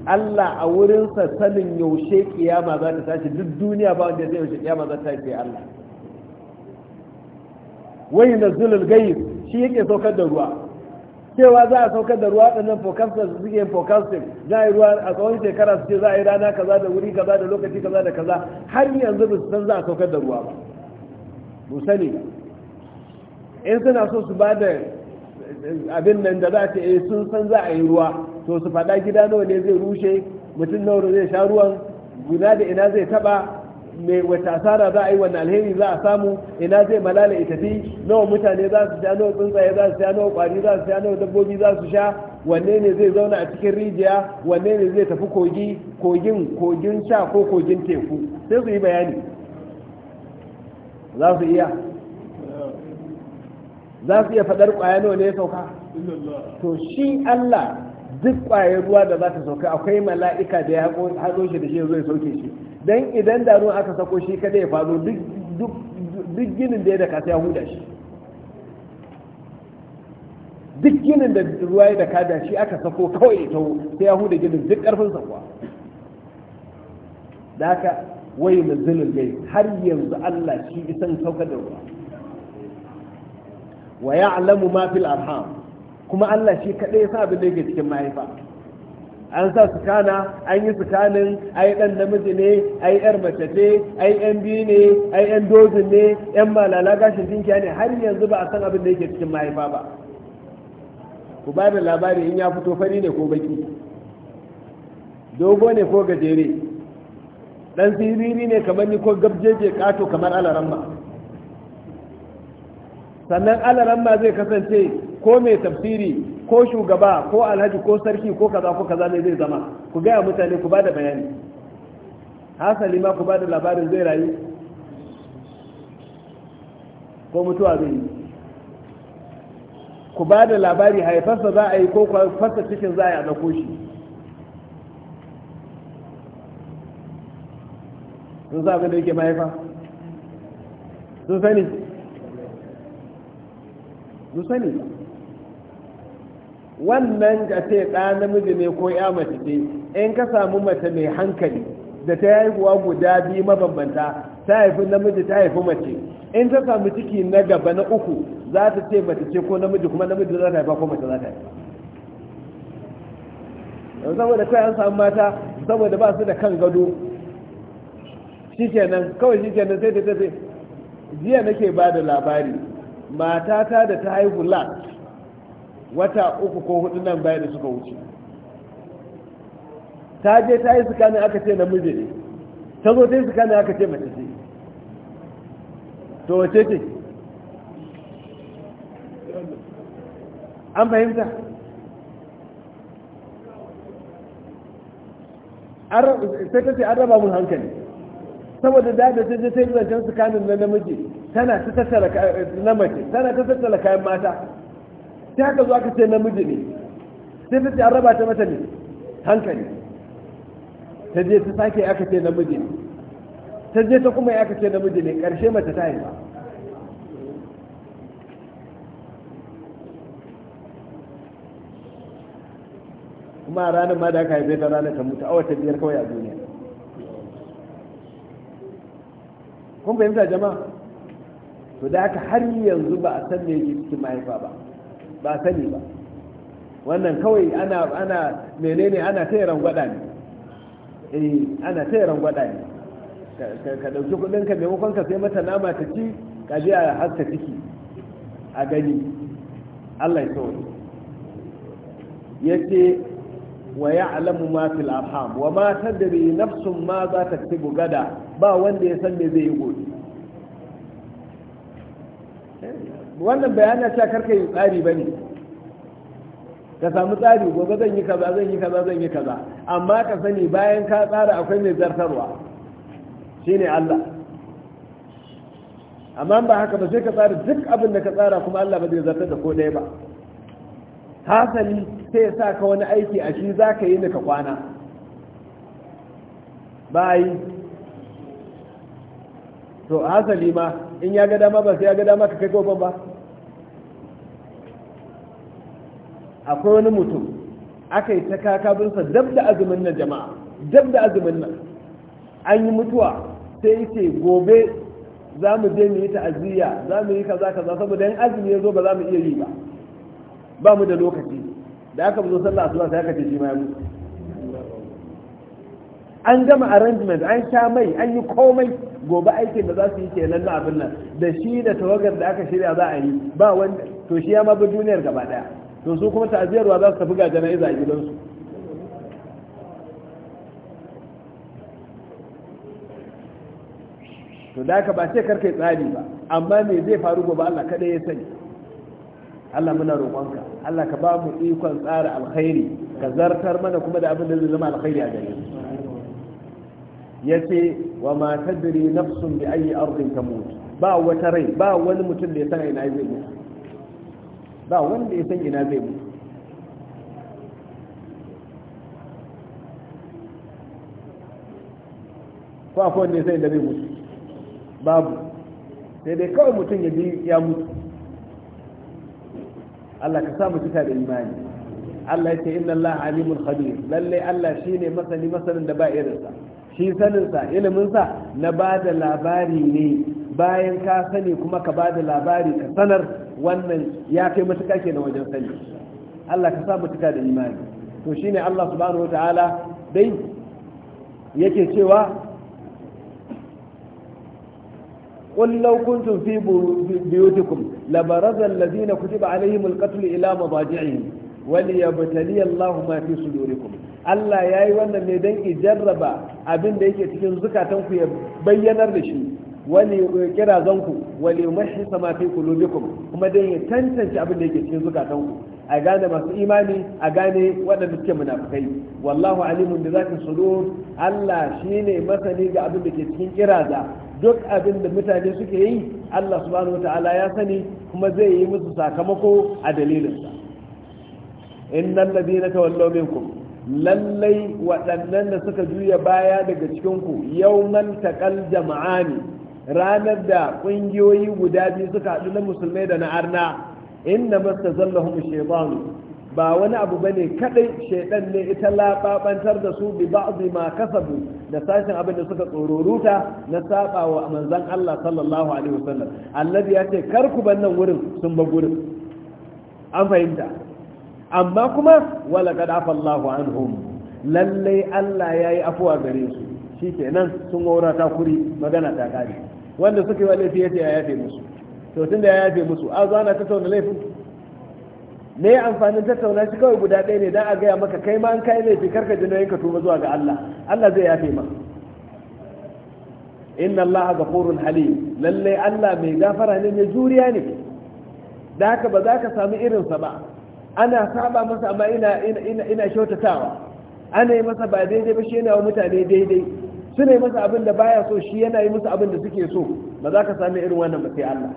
Allah a wurinsa sanin yaushe kiyama za ta tashi duk duniya ba wanda zai yaushe kiyama za ta tashi Allah wai na zulul gai shi yake saukar da ruwa cewa za a saukar da ruwa ɗannan su suke forecasting za a yi ruwa a tsawon shekara su ce za a yi rana kaza da wuri kaza da lokaci kaza da kaza har yanzu ba su san za a saukar da ruwa ba mu sani in suna so su ba da abin nan da za ta yi eh, sun san za a yi ruwa to su faɗa gida nawa ne zai rushe mutum nawa zai sha ruwan guda da ina zai taɓa me wata asara za a yi wannan alheri za a samu ina zai malala ita fi nawa mutane za su sha nawa tsuntsaye za su sha nawa kwari za su sha nawa dabbobi za su sha wanne ne zai zauna a cikin rijiya wanne ne zai tafi kogi kogin kogin sha ko kogin teku sai su yi bayani za su iya za su iya faɗar kwaya nawa ne ya sauka to shi Allah duk ƙwayar ruwa da za ta sauka akwai mala'ika da ya haɗo shi da shi ya sauke shi dan idan da ruwan aka sako shi kada ya faɗo duk ginin da ya daka ya huda shi duk ginin da ruwa ya daka da shi aka sako kawai ya tawo sai ya huda ginin duk ƙarfin sakwa da haka wai manzilin gai har yanzu Allah shi isan saukar da ruwa wa ya'lamu ma fil arham kuma Allah shi kadai ya sa abin da yake cikin mahaifa an sa kana an yi a yi ɗan namiji ne yi ɗan mace ce yi yan biyu ne yi ɗan dozin ne yan malala gashin dinkiya ne har yanzu ba a san abin da yake cikin mahaifa ba ku ba da labari in ya fito fari ne ko baki dogo ne ko gajere ɗan siriri ne kamar ni ko gabjeje kato kamar alaramma sannan alaramma zai kasance ko mai tafsiri ko shugaba ko alhaji ko sarki ko kaza ko kaza ne zai zama ku gaya mutane ku bada bayani hasali ma ku bada labarin zai rayu ko mutuwa zai yi ku bada labari haifarsa za a yi ko fasa cikin za a yi a shi sun sa abin da yake mahaifa sun sani sun sani wannan ka ce ɗa namiji ne ko ya mace ce in ka samu mace mai hankali da ta haihuwa guda biyu mabambanta ta haifi namiji ta haifi mace in ta samu ciki na gaba na uku za ta ce mace ce ko namiji kuma namiji za ta haifa ko mace za ta haifa yanzu saboda kai an samu mata saboda ba su da kan gado shi kenan kawai shi kenan sai ta ce jiya nake ba da labari matata da ta haihu last wata uku ko hudu nan baya da suka wuce ta je ta yi tsakanin aka ce namiji ne ta zo ta yi tsakanin aka ce mace ce to wace ce an fahimta sai ta ce an raba mun hankali saboda da da ta je ta yi zancen tsakanin na namiji tana ta tana ta tattara kayan mata sai haka zo aka ce namiji ne sai ta ce an raba ta mata ne hankali ta je ta sake aka ce namiji ne ta je ta kuma aka ce namiji ne karshe mace ta haifa kuma ranar ma da aka haife ta ranar ta mutu awa ta biyar kawai a duniya kun fahimta jama'a to da aka har yanzu ba a san me yake cikin mahaifa ba ba sani ba wannan kawai ana ana menene ana rangwada ne eh ana rangwada ne ka dauki kudin ka maimakon ka sai mata nama ta ci ka je a haska ciki a gani Allah ya sauke yace wa ya'lamu ma fil arham wa ma tadri nafsun ma za ta tibu gada ba wanda ya san me zai yi gobe eh, wannan bayanin ta karka yi tsari ba ne ka samu tsari gobe zan yi kaza zan yi kaza zan yi kaza amma ka sani bayan ka tsara akwai mai zartarwa shine Allah amma ba haka ba sai ka tsara duk abin da ka tsara kuma Allah ba zai zartar da ko ɗaya ba hasali sai sa ka wani aiki a shi za ka yi ni ka kwana yi to hasali ma in ya ga dama ba sai ya ga dama ka kai gobe ba akwai wani mutum aka yi ta kakabinsa dab da azumin nan jama'a dab da azumin nan an yi mutuwa sai yake gobe za mu je mu yi ta'aziyya za mu yi kaza kaza saboda in azumi ya zo ba za mu iya yi ba ba mu da lokaci da aka zo sallah asuba sai aka ce shi ma ya mutu an gama arrangement an sha mai an yi komai gobe aikin da za su yi nan na abin nan da shi da tawagar da aka shirya za a yi ba wanda to shi ya ma bi duniyar gaba daya to su kuma ta'aziyarwa za su tafi ga jana'iza a gidansu to da haka ba ce kar kai tsari ba amma me zai faru gobe Allah kada ya sani Allah muna roƙonka Allah ka ba mu ikon tsara alkhairi ka zartar mana kuma da abin da zai zama alkhairi a gare mu yace wa ma tadri nafsun bi ayi ardin tamut ba wata rai ba wani mutum da ya san ina zai mutu ba wanda ya san ina zai mutu ko akwai wanda ya san zai mutu babu sai dai kawai mutum ya bi ya mutu Allah ka sa mu cika da imani Allah ya ce inna Allah alimul khabir lalle Allah shine masani masanin da ba irinsa shi saninsa iliminsa na ba da labari ne bayan ka sani kuma ka ba da labari ka sanar wannan ya kai matuƙa ke na wajen sani Allah ka sa matuƙa da imani to shine Allah subhanahu wataala dai yake cewa قل لو كنتم في بيوتكم لبرز الذين كتب عليهم القتل إلى مضاجعهم وليبتلي الله ما في Allah ya yi wannan ne don ijarraba abin da yake cikin zukatanku ya bayyanar da shi wali kira zanku wali mashi sama fi kulubikum kuma dai ya tantance abin da yake cikin zukatanku a gane masu imani a gane waɗanda suke munafukai wallahu alimun da zakin sudur Allah shine masani ga abin da ke cikin kiraza duk abin da mutane suke yi Allah subhanahu wataala ya sani kuma zai yi musu sakamako a dalilinsa innal ladina tawallaw minkum lallai waɗannan da suka juya baya daga cikinku yau man jama'a ne ranar da ƙungiyoyi guda biyu suka haɗu na musulmai da na arna inna masta zallahum shaytanu ba wani abu bane kadai shaidan ne ita lababantar da su bi ba'dhi ma kasabu da sashin abin da suka tsororuta na sabawa manzon Allah sallallahu alaihi wasallam annabi ya ce kar ku bar nan wurin sun ba gurin an fahimta amma kuma wala qad afa Allahu anhum lalle Allah yayi afuwa gare su shi kenan sun gaura ta kuri magana ta kare wanda suke yi wa laifi yace ya yafe musu to tunda ya yafe musu a zo ana tattauna laifin me amfanin tattauna shi kawai guda ɗaya ne dan a gaya maka kai ma an kai laifi karka ji nauyin ka tuba zuwa ga Allah Allah zai yafe ma inna Allah ghafurun halim lalle Allah mai gafara ne mai juriya ne da haka ba za ka sami irinsa ba ana saba masa amma ina ina ina kyautatawa ana yi masa ba daidai ba shi yana wa mutane daidai suna yi masa abin da baya so shi yana yi musu abin da suke so ba za ka sami irin wannan ba sai Allah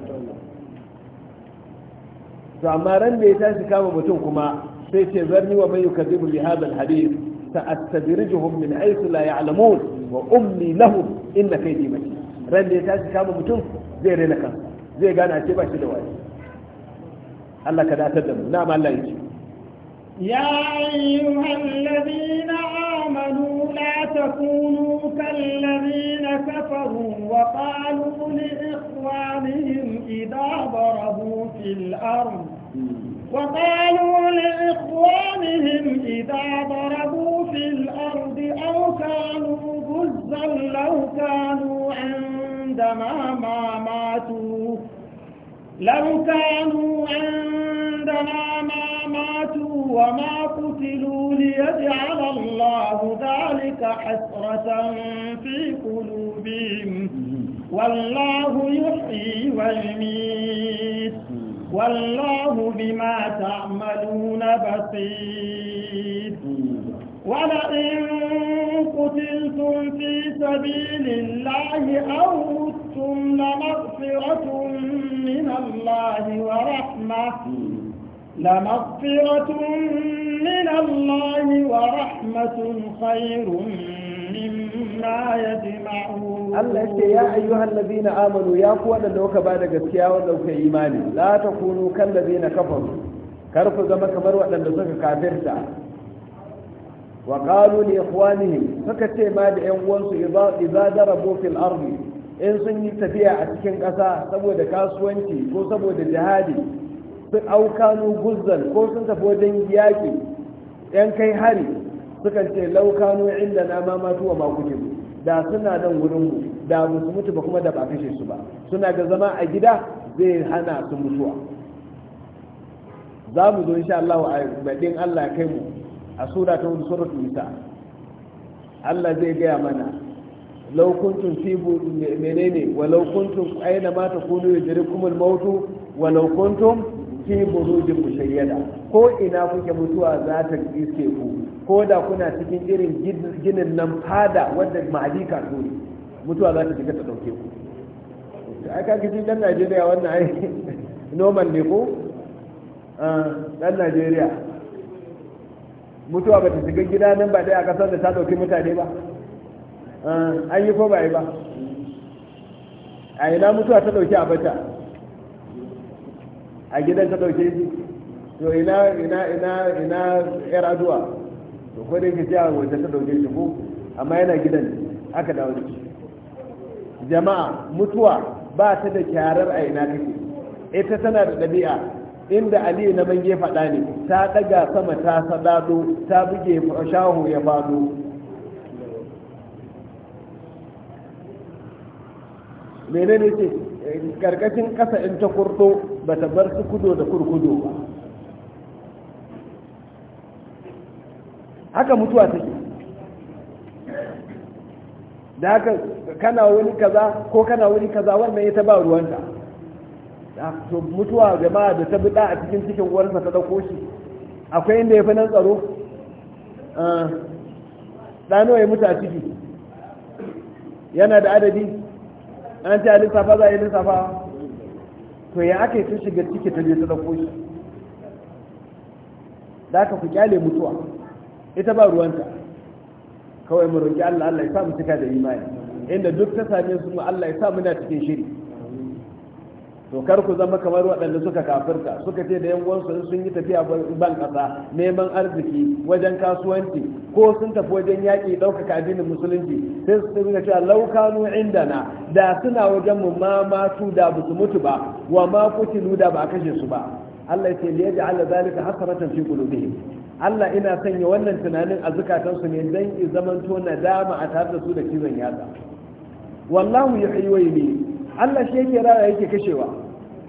to amma ran da ya tashi kama mutum kuma sai ce zarni wa man Kabiru, bi hadha alhadith sa'astadrijuhum min haythu la ya'lamun wa in lahum inna kaydi matin ran da ya tashi kama mutum zai rena kansa zai gana ce ba shi da wani Allah ka datar da mu na ma Allah ya يا أيها الذين آمنوا لا تكونوا كالذين كفروا وقالوا لإخوانهم إذا ضربوا في الأرض وقالوا لإخوانهم إذا ضربوا في الأرض أو كانوا جزا لو كانوا عندما ما ماتوا لو كانوا عندنا ما ماتوا وما قتلوا ليجعل الله ذلك حسرة في قلوبهم والله يحيي ويميت والله بما تعملون بصير ولئن قتلتم في سبيل الله أو متم لمغفرة من الله ورحمة لمغفرة من الله ورحمة خير مما يجمعون الله يقول يا أيها الذين آمنوا يا قوة لوك بعد قتيا ولو كإيماني لا تكونوا كالذين كفروا كرفوا زمك مروة لنسوك كافرتا وقالوا لإخوانهم فكتي ما دعين وانسوا إذا ضربوا في الأرض إن سنة تبيع أتكين قصا سبو دكاس وانتي كو سبو دجهادي aukanu guzzan ko sun tafi wajen yaƙi yan kai hari sukan ce laukanu inda na ma kuke da suna nan wurin mu da musu mutu ba kuma da ba kashe su ba suna ga zama a gida zai hana su mutuwa za mu zo insha Allah a baɗin Allah kai mu a sura ta wani suratul nisa Allah zai gaya mana laukuntun kuntum menene wa laukuntun aina ma takunu yajrikumul mautu wa laukuntun. fi burujin musayyada ko ina kuke mutuwa za ta iske ku ko da kuna cikin irin ginin nan fada wanda mahadi ka ne mutuwa za ta shiga ta dauke ku ai ka ji dan Najeriya wannan ai normal ne ko dan ah, Najeriya mutuwa ba ta shiga gida nan ba dai a kasar da ta dauki mutane ba ah, an yi ko ba yi ba a ina mutuwa ta dauki a bata a gidan ka dauke shi to ina ina ina ina yar aduwa to ko dai ka ji a wajen ta dauke shi ko amma yana gidan aka dawo da shi jama'a mutuwa ba ta da kyarar a ina kake ita tana da ɗabi'a inda aliyu na mange faɗa ne ta daga sama ta sadado ta buge shahu ya faɗo menene ce karkashin ƙasa in ta kurto, ba ta bar su kudo da kurkudo ba haka mutuwa ta ke, da haka kana wani kaza ko kana wani kaza wannan ya taba ruwanta ruwanta to mutuwa jama'a da ta bida a cikin cikin uwarsa ta dauko shi akwai inda ya fi nan tsaro eh. ɗano ya mutu a ciki yana da adadi an ce a safa za a yi safa? to ya aka yi sun shiga ciki ta jesu ta koshi da aka ku kyale mutuwa ita ba ruwanta kawai mu roƙi Allah Allah ya sa mu cika da imani inda duk ta same su mu Allah ya sa muna cikin shiri to kar ku zama kamar waɗanda suka kafirta suka ce da yanwansu sun yi tafiya ban ƙasa neman arziki wajen kasuwanci ko sun tafi wajen yaƙi ɗaukaka addinin musulunci sai su tafi cewa laukanu indana da suna wajen mu ma matu da ba su mutu ba wa ma kutilu da ba a kashe su ba Allah ya ce liya ja'ala zalika hasratan fi qulubihim Allah ina sanya wannan tunanin a zukatansu ne dan i zamanto nadama a tare da su da cizon yatsa wallahu yuhyi wa yumiit Allah shi yake rara yake kashewa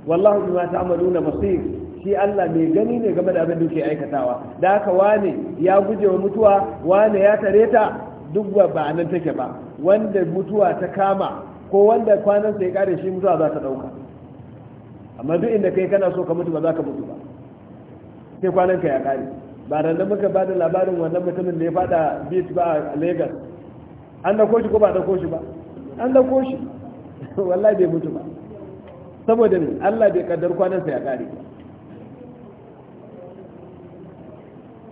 wallahu bima ta'maluna basir shi Allah mai gani ne game da abin da yake aikatawa da haka wane ya guje wa mutuwa wane ya tare ta duk ba nan take ba wanda mutuwa ta kama ko wanda kwanan sai kare shi mutuwa za ta dauka amma duk inda kai kana so ka mutu ba za ka mutu ba sai kwanan ka ya kare ba da muka ba da labarin wannan mutumin da ya fada beach ba a Lagos an da koshi ko ba da koshi ba an da koshi wallahi bai mutu ba saboda ne Allah bai kaddar kwanansa ya kare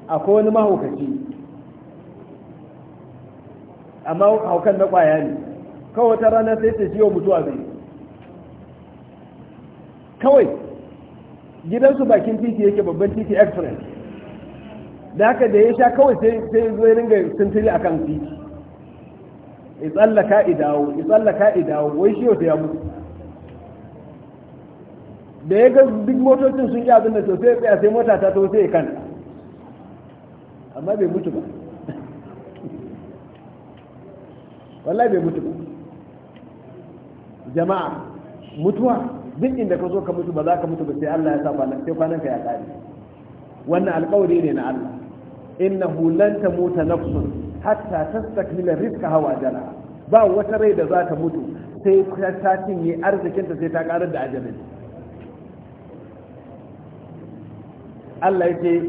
akwai wani mahaukaci amma haukan na kwaya ne kawai wata rana sai ta ciwo mutuwa zai kawai gidansu bakin titi yake babban titi express da haka da ya sha kawai sai zai ringa sintiri a kan titi ya tsallaka idawo ya tsallaka idawo wai shi yau ta ya mutu da ya ga duk motocin sun yi abin da to sai tsaya sai mota ta to ya kan amma bai mutu ba wallahi bai mutu ba jama'a mutuwa duk inda ka zo ka mutu ba za ka mutu ba sai Allah ya sa kwanan sai kwanan ka ya tsari wannan alƙawari ne na Allah Inna hulanta lan tamuta nafsun hatta tastakmila rizqaha wa ajalaha ba wata rai da za ta mutu sai ta cinye arzikinta sai ta karar da ajalin Allah yake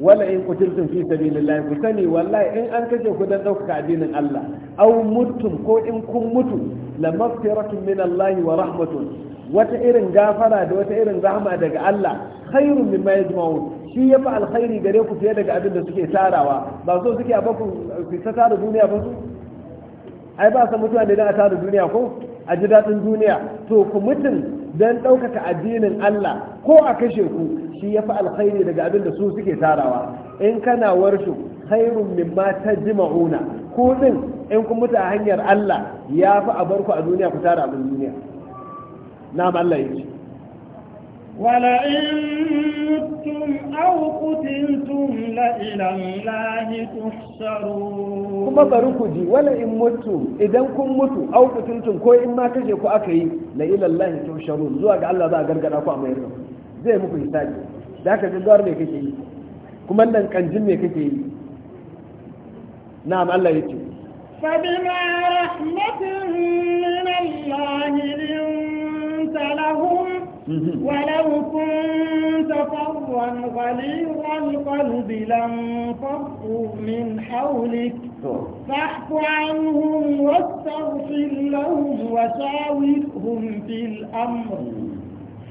wala in kutiltum fi sabilillahi ku sani wallahi in an kace ku dan dauka addinin Allah aw mutum ko in kun mutu la maghfiratun min Allah wa rahmatun wata irin gafara da wata irin rahma daga Allah khairun mimma yajma'un shi ya fa alkhairi gare ku fiye daga abin da suke tarawa ba so suke a baku su ta duniya ba su ai ba sa mutuwa ne a tara duniya ko a ji dadin duniya to ku mutum don ɗaukaka addinin Allah ko a kashe ku shi ya fi alkhairi daga abin da su suke tarawa in kana warshu khairun mimma ta jima'una ku din in ku mutu a hanyar Allah ya fi a barku a duniya ku tara abin duniya na Allah ya ولئن متم أو قتلتم لإلى الله kuma bari ku ji wala in mutu idan kun mutu au ko in ma kaje ku aka yi la ila zuwa ga Allah za a gargada ku a mai rin zai muku hisabi da ka ga zuwar me kake yi kuma nan kanjin me kake yi na'am Allah yace فبما رحمة من الله لنت لهم ولو كنت فظا غليظ القلب لانفضوا من حولك فاعف عنهم واستغفر لهم وشاورهم في الأمر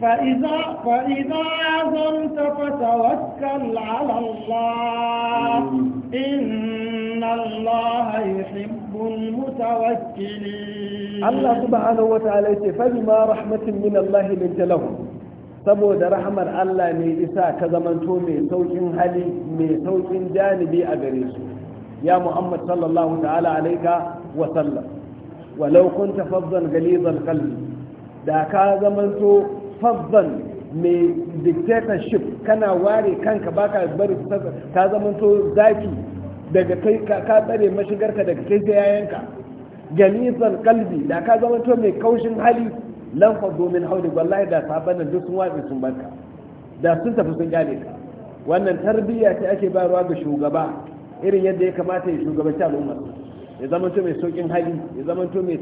فإذا, فإذا عزمت فتوكل على الله إن إن الله يحب المتوكلين الله سبحانه ma rahmatin رحمة من الله لنت لهم saboda rahmar Allah ne isa ka zamanto mai saukin hali mai saukin janibi a gare su ya Muhammad sallallahu ta'ala alaika wa sallam walau kunta faddan galizal qalbi da ka zamanto faddan mai dictatorship kana ware kanka baka bari ka zamanto zaki daga kai ka tsare mashigarka daga kai sai yayanka ganisan kalbi da ka zama to mai kaushin hali lan fado min hauli wallahi da sabana duk sun watsi sun barka da sun tafi sun gane ka wannan tarbiyya ce ake bayarwa ga shugaba irin yadda ya kamata ya shugabanci al'umma ya zama to mai saukin hali ya zama to mai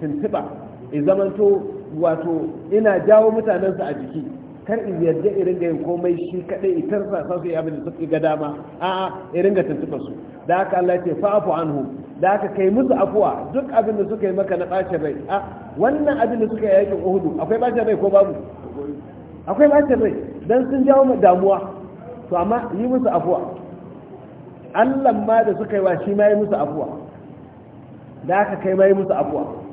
tuntuba ya zama to wato ina jawo su a jiki kar in yarda in ringa yin komai shi kadai itar sa sa su yi abin da suke ga dama a'a in ga tuntuɓa su da haka Allah ya ce fa'afu anhu da haka kai musu afuwa duk abin da suka yi maka na bacin rai a wannan abin da suka yi yakin Uhudu akwai bacin rai ko babu akwai bacin rai dan sun jawo mu damuwa to amma yi musu afuwa Allah ma da suka yi wa shi ma yi musu afuwa da haka kai ma yi musu afuwa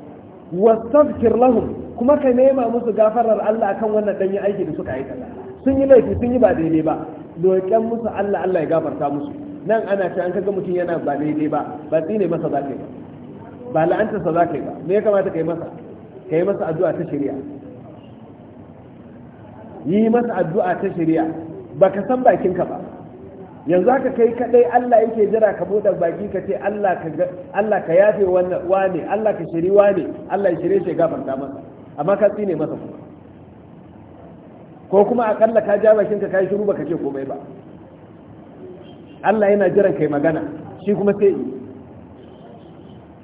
wastaghfir lahum kuma ka nema musu gafarar Allah akan wannan dan yi aiki da suka aikata sun yi laifi sun yi ba daidai ba roƙen musu Allah Allah ya gafarta musu nan ana ce an kaga mutum yana ba daidai ba ba tsine masa za kai ba la'anta sa za ka yi ba me ya kamata ka yi masa ka yi masa addu'a ta shari'a yi masa addu'a ta shari'a ba ka san bakinka ba yanzu haka kai kadai Allah yake jira ka bude baki ka ce Allah ka Allah ka yafe wannan wane Allah ka shiri wane Allah ya shirye shi gafarta masa amma ka tsine masa kuma ko kuma akalla ka ja bakinka ka yi shiru baka ce komai ba Allah yana jiran kai magana shi kuma sai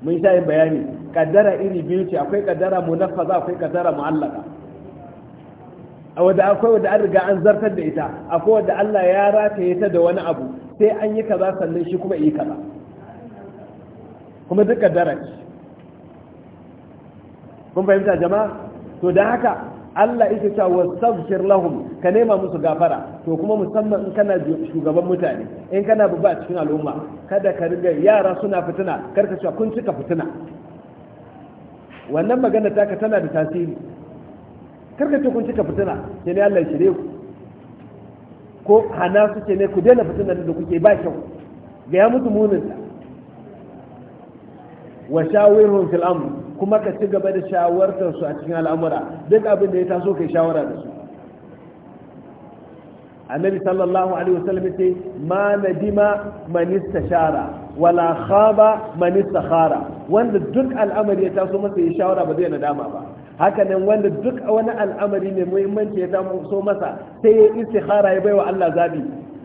mun sha yin bayani kaddara iri biyu ce akwai kaddara munaffaza akwai kaddara mu'allaka a wadda akwai wadda an riga an zartar da ita akwai wadda Allah ya rataye ta da wani abu sai an yi kaza sannan shi kuma yi kaza kuma duk kaddara ce kun fahimta jama'a to da haka Allah yake cewa wastaghfir lahum ka nema musu gafara to kuma musamman in kana shugaban mutane in kana babba a cikin al'umma kada ka riga yara suna fitina kar ka cewa kun cika fitina wannan magana ka tana da tasiri kar ka ce kun cika fitina sai ne Allah ya shirye ku ko hana su ce ne ku daina fitinar da kuke ba kyau ga ya mutu wa shawirhum fil amr kuma ka ci gaba da shawartar su a cikin al'amura duk abin da ya taso kai shawara da su annabi sallallahu alaihi wasallam ce ma nadima man istashara wala khaba man istakhara wanda duk al'amari ya taso masa ya shawara ba zai nadama ba haka nan wanda duk wani al'amari ne muhimmanci ya taso masa sai ya istikhara ya baiwa Allah zabi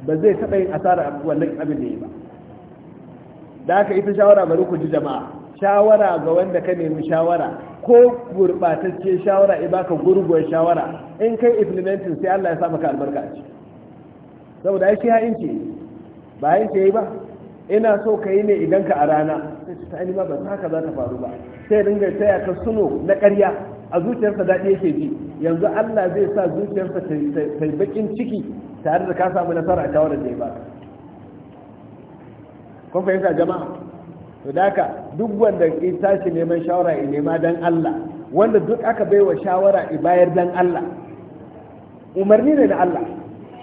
ba zai taɓa yin asara wannan abin da ya ba da haka ita shawara bari ku ji jama'a shawara ga wanda ka nemi shawara ko gurbatacce shawara in baka gurguwar shawara in kai implementin sai Allah ya sa maka albarka a saboda ai shi ha'inci ba ha'inci yi ba ina so ka yi ne idan ka a rana sai ta ni ma ba haka za ta faru ba sai dinga taya ta suno na ƙarya a zuciyarsa daɗi yake ji yanzu Allah zai sa zuciyarsa ta bakin ciki tare da ka samu nasara a shawarar da ya ba kun fahimta jama'a to daka duk wanda in tashi neman shawara in nema dan Allah wanda duk aka baiwa shawara i bayar dan Allah umarni ne da Allah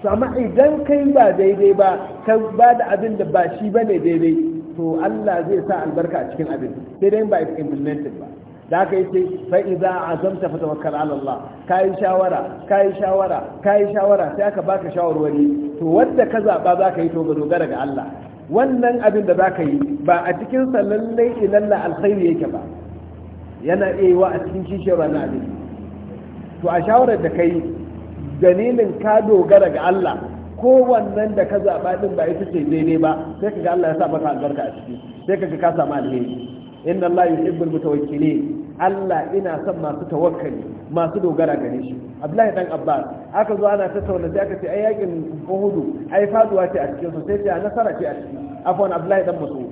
to amma idan kai ba daidai ba ka ba da abin da ba shi ba ne daidai to Allah zai sa albarka a cikin abin sai dai ba implemented ba da aka yi fa idza azamta fa tawakkal ala Allah kai shawara kai shawara kai shawara sai aka baka shawarwari to wanda ka zaba zaka yi to ga dogara ga Allah wannan abin da za ka yi ba a cikin lallai ilalla alkhairi yake ba yana iya a cikin kishiyar wani abin to a shawarar da ka yi dalilin ka dogara ga Allah ko wannan da ka zaɓa ɗin ba ita ce daidai ba sai ka ga Allah ya sa maka albarka a ciki sai ka ga ka samu alheri inna Allah yuhibbul mutawakkilin Allah ina son masu tawakkali masu dogara gare shi abdullahi dan abbas aka zo ana tattauna sai aka ce ai yakin uhudu ai faduwa ce a cikin su sai ce nasara ce a ciki afwan abdullahi dan musu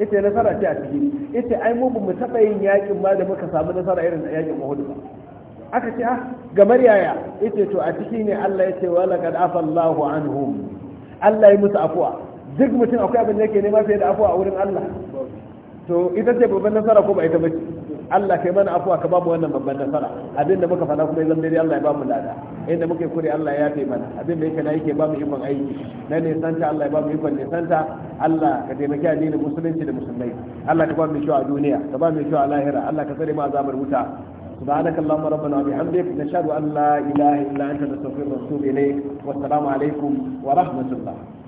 ita nasara ce a ciki ita ai mu bamu taba yin yakin ma da muka samu nasara irin yakin uhudu ba aka ce ah gamar yaya ita to a ciki ne Allah ya ce wa laqad afallahu anhum Allah ya musu afuwa duk mutum akwai abin da yake nema sai da afuwa a wurin Allah to ita ce babban nasara ko ba ita ba ce Allah kai mana afuwa ka bamu wannan babban nasara abinda muka faɗa kuma zan dare Allah ya bamu lada inda muke kure Allah ya yafe mana da yake na yake bamu ikon aiki na ne santa Allah ya bamu ikon ne santa Allah ka taimaki addinin musulunci da musulmai Allah ka bamu shi a duniya ka bamu shi a lahira Allah ka tsare mu azabar wuta سبحانك اللهم ربنا وبحمدك نشهد ان لا اله الا انت نستغفرك ونتوب اليك والسلام عليكم ورحمه الله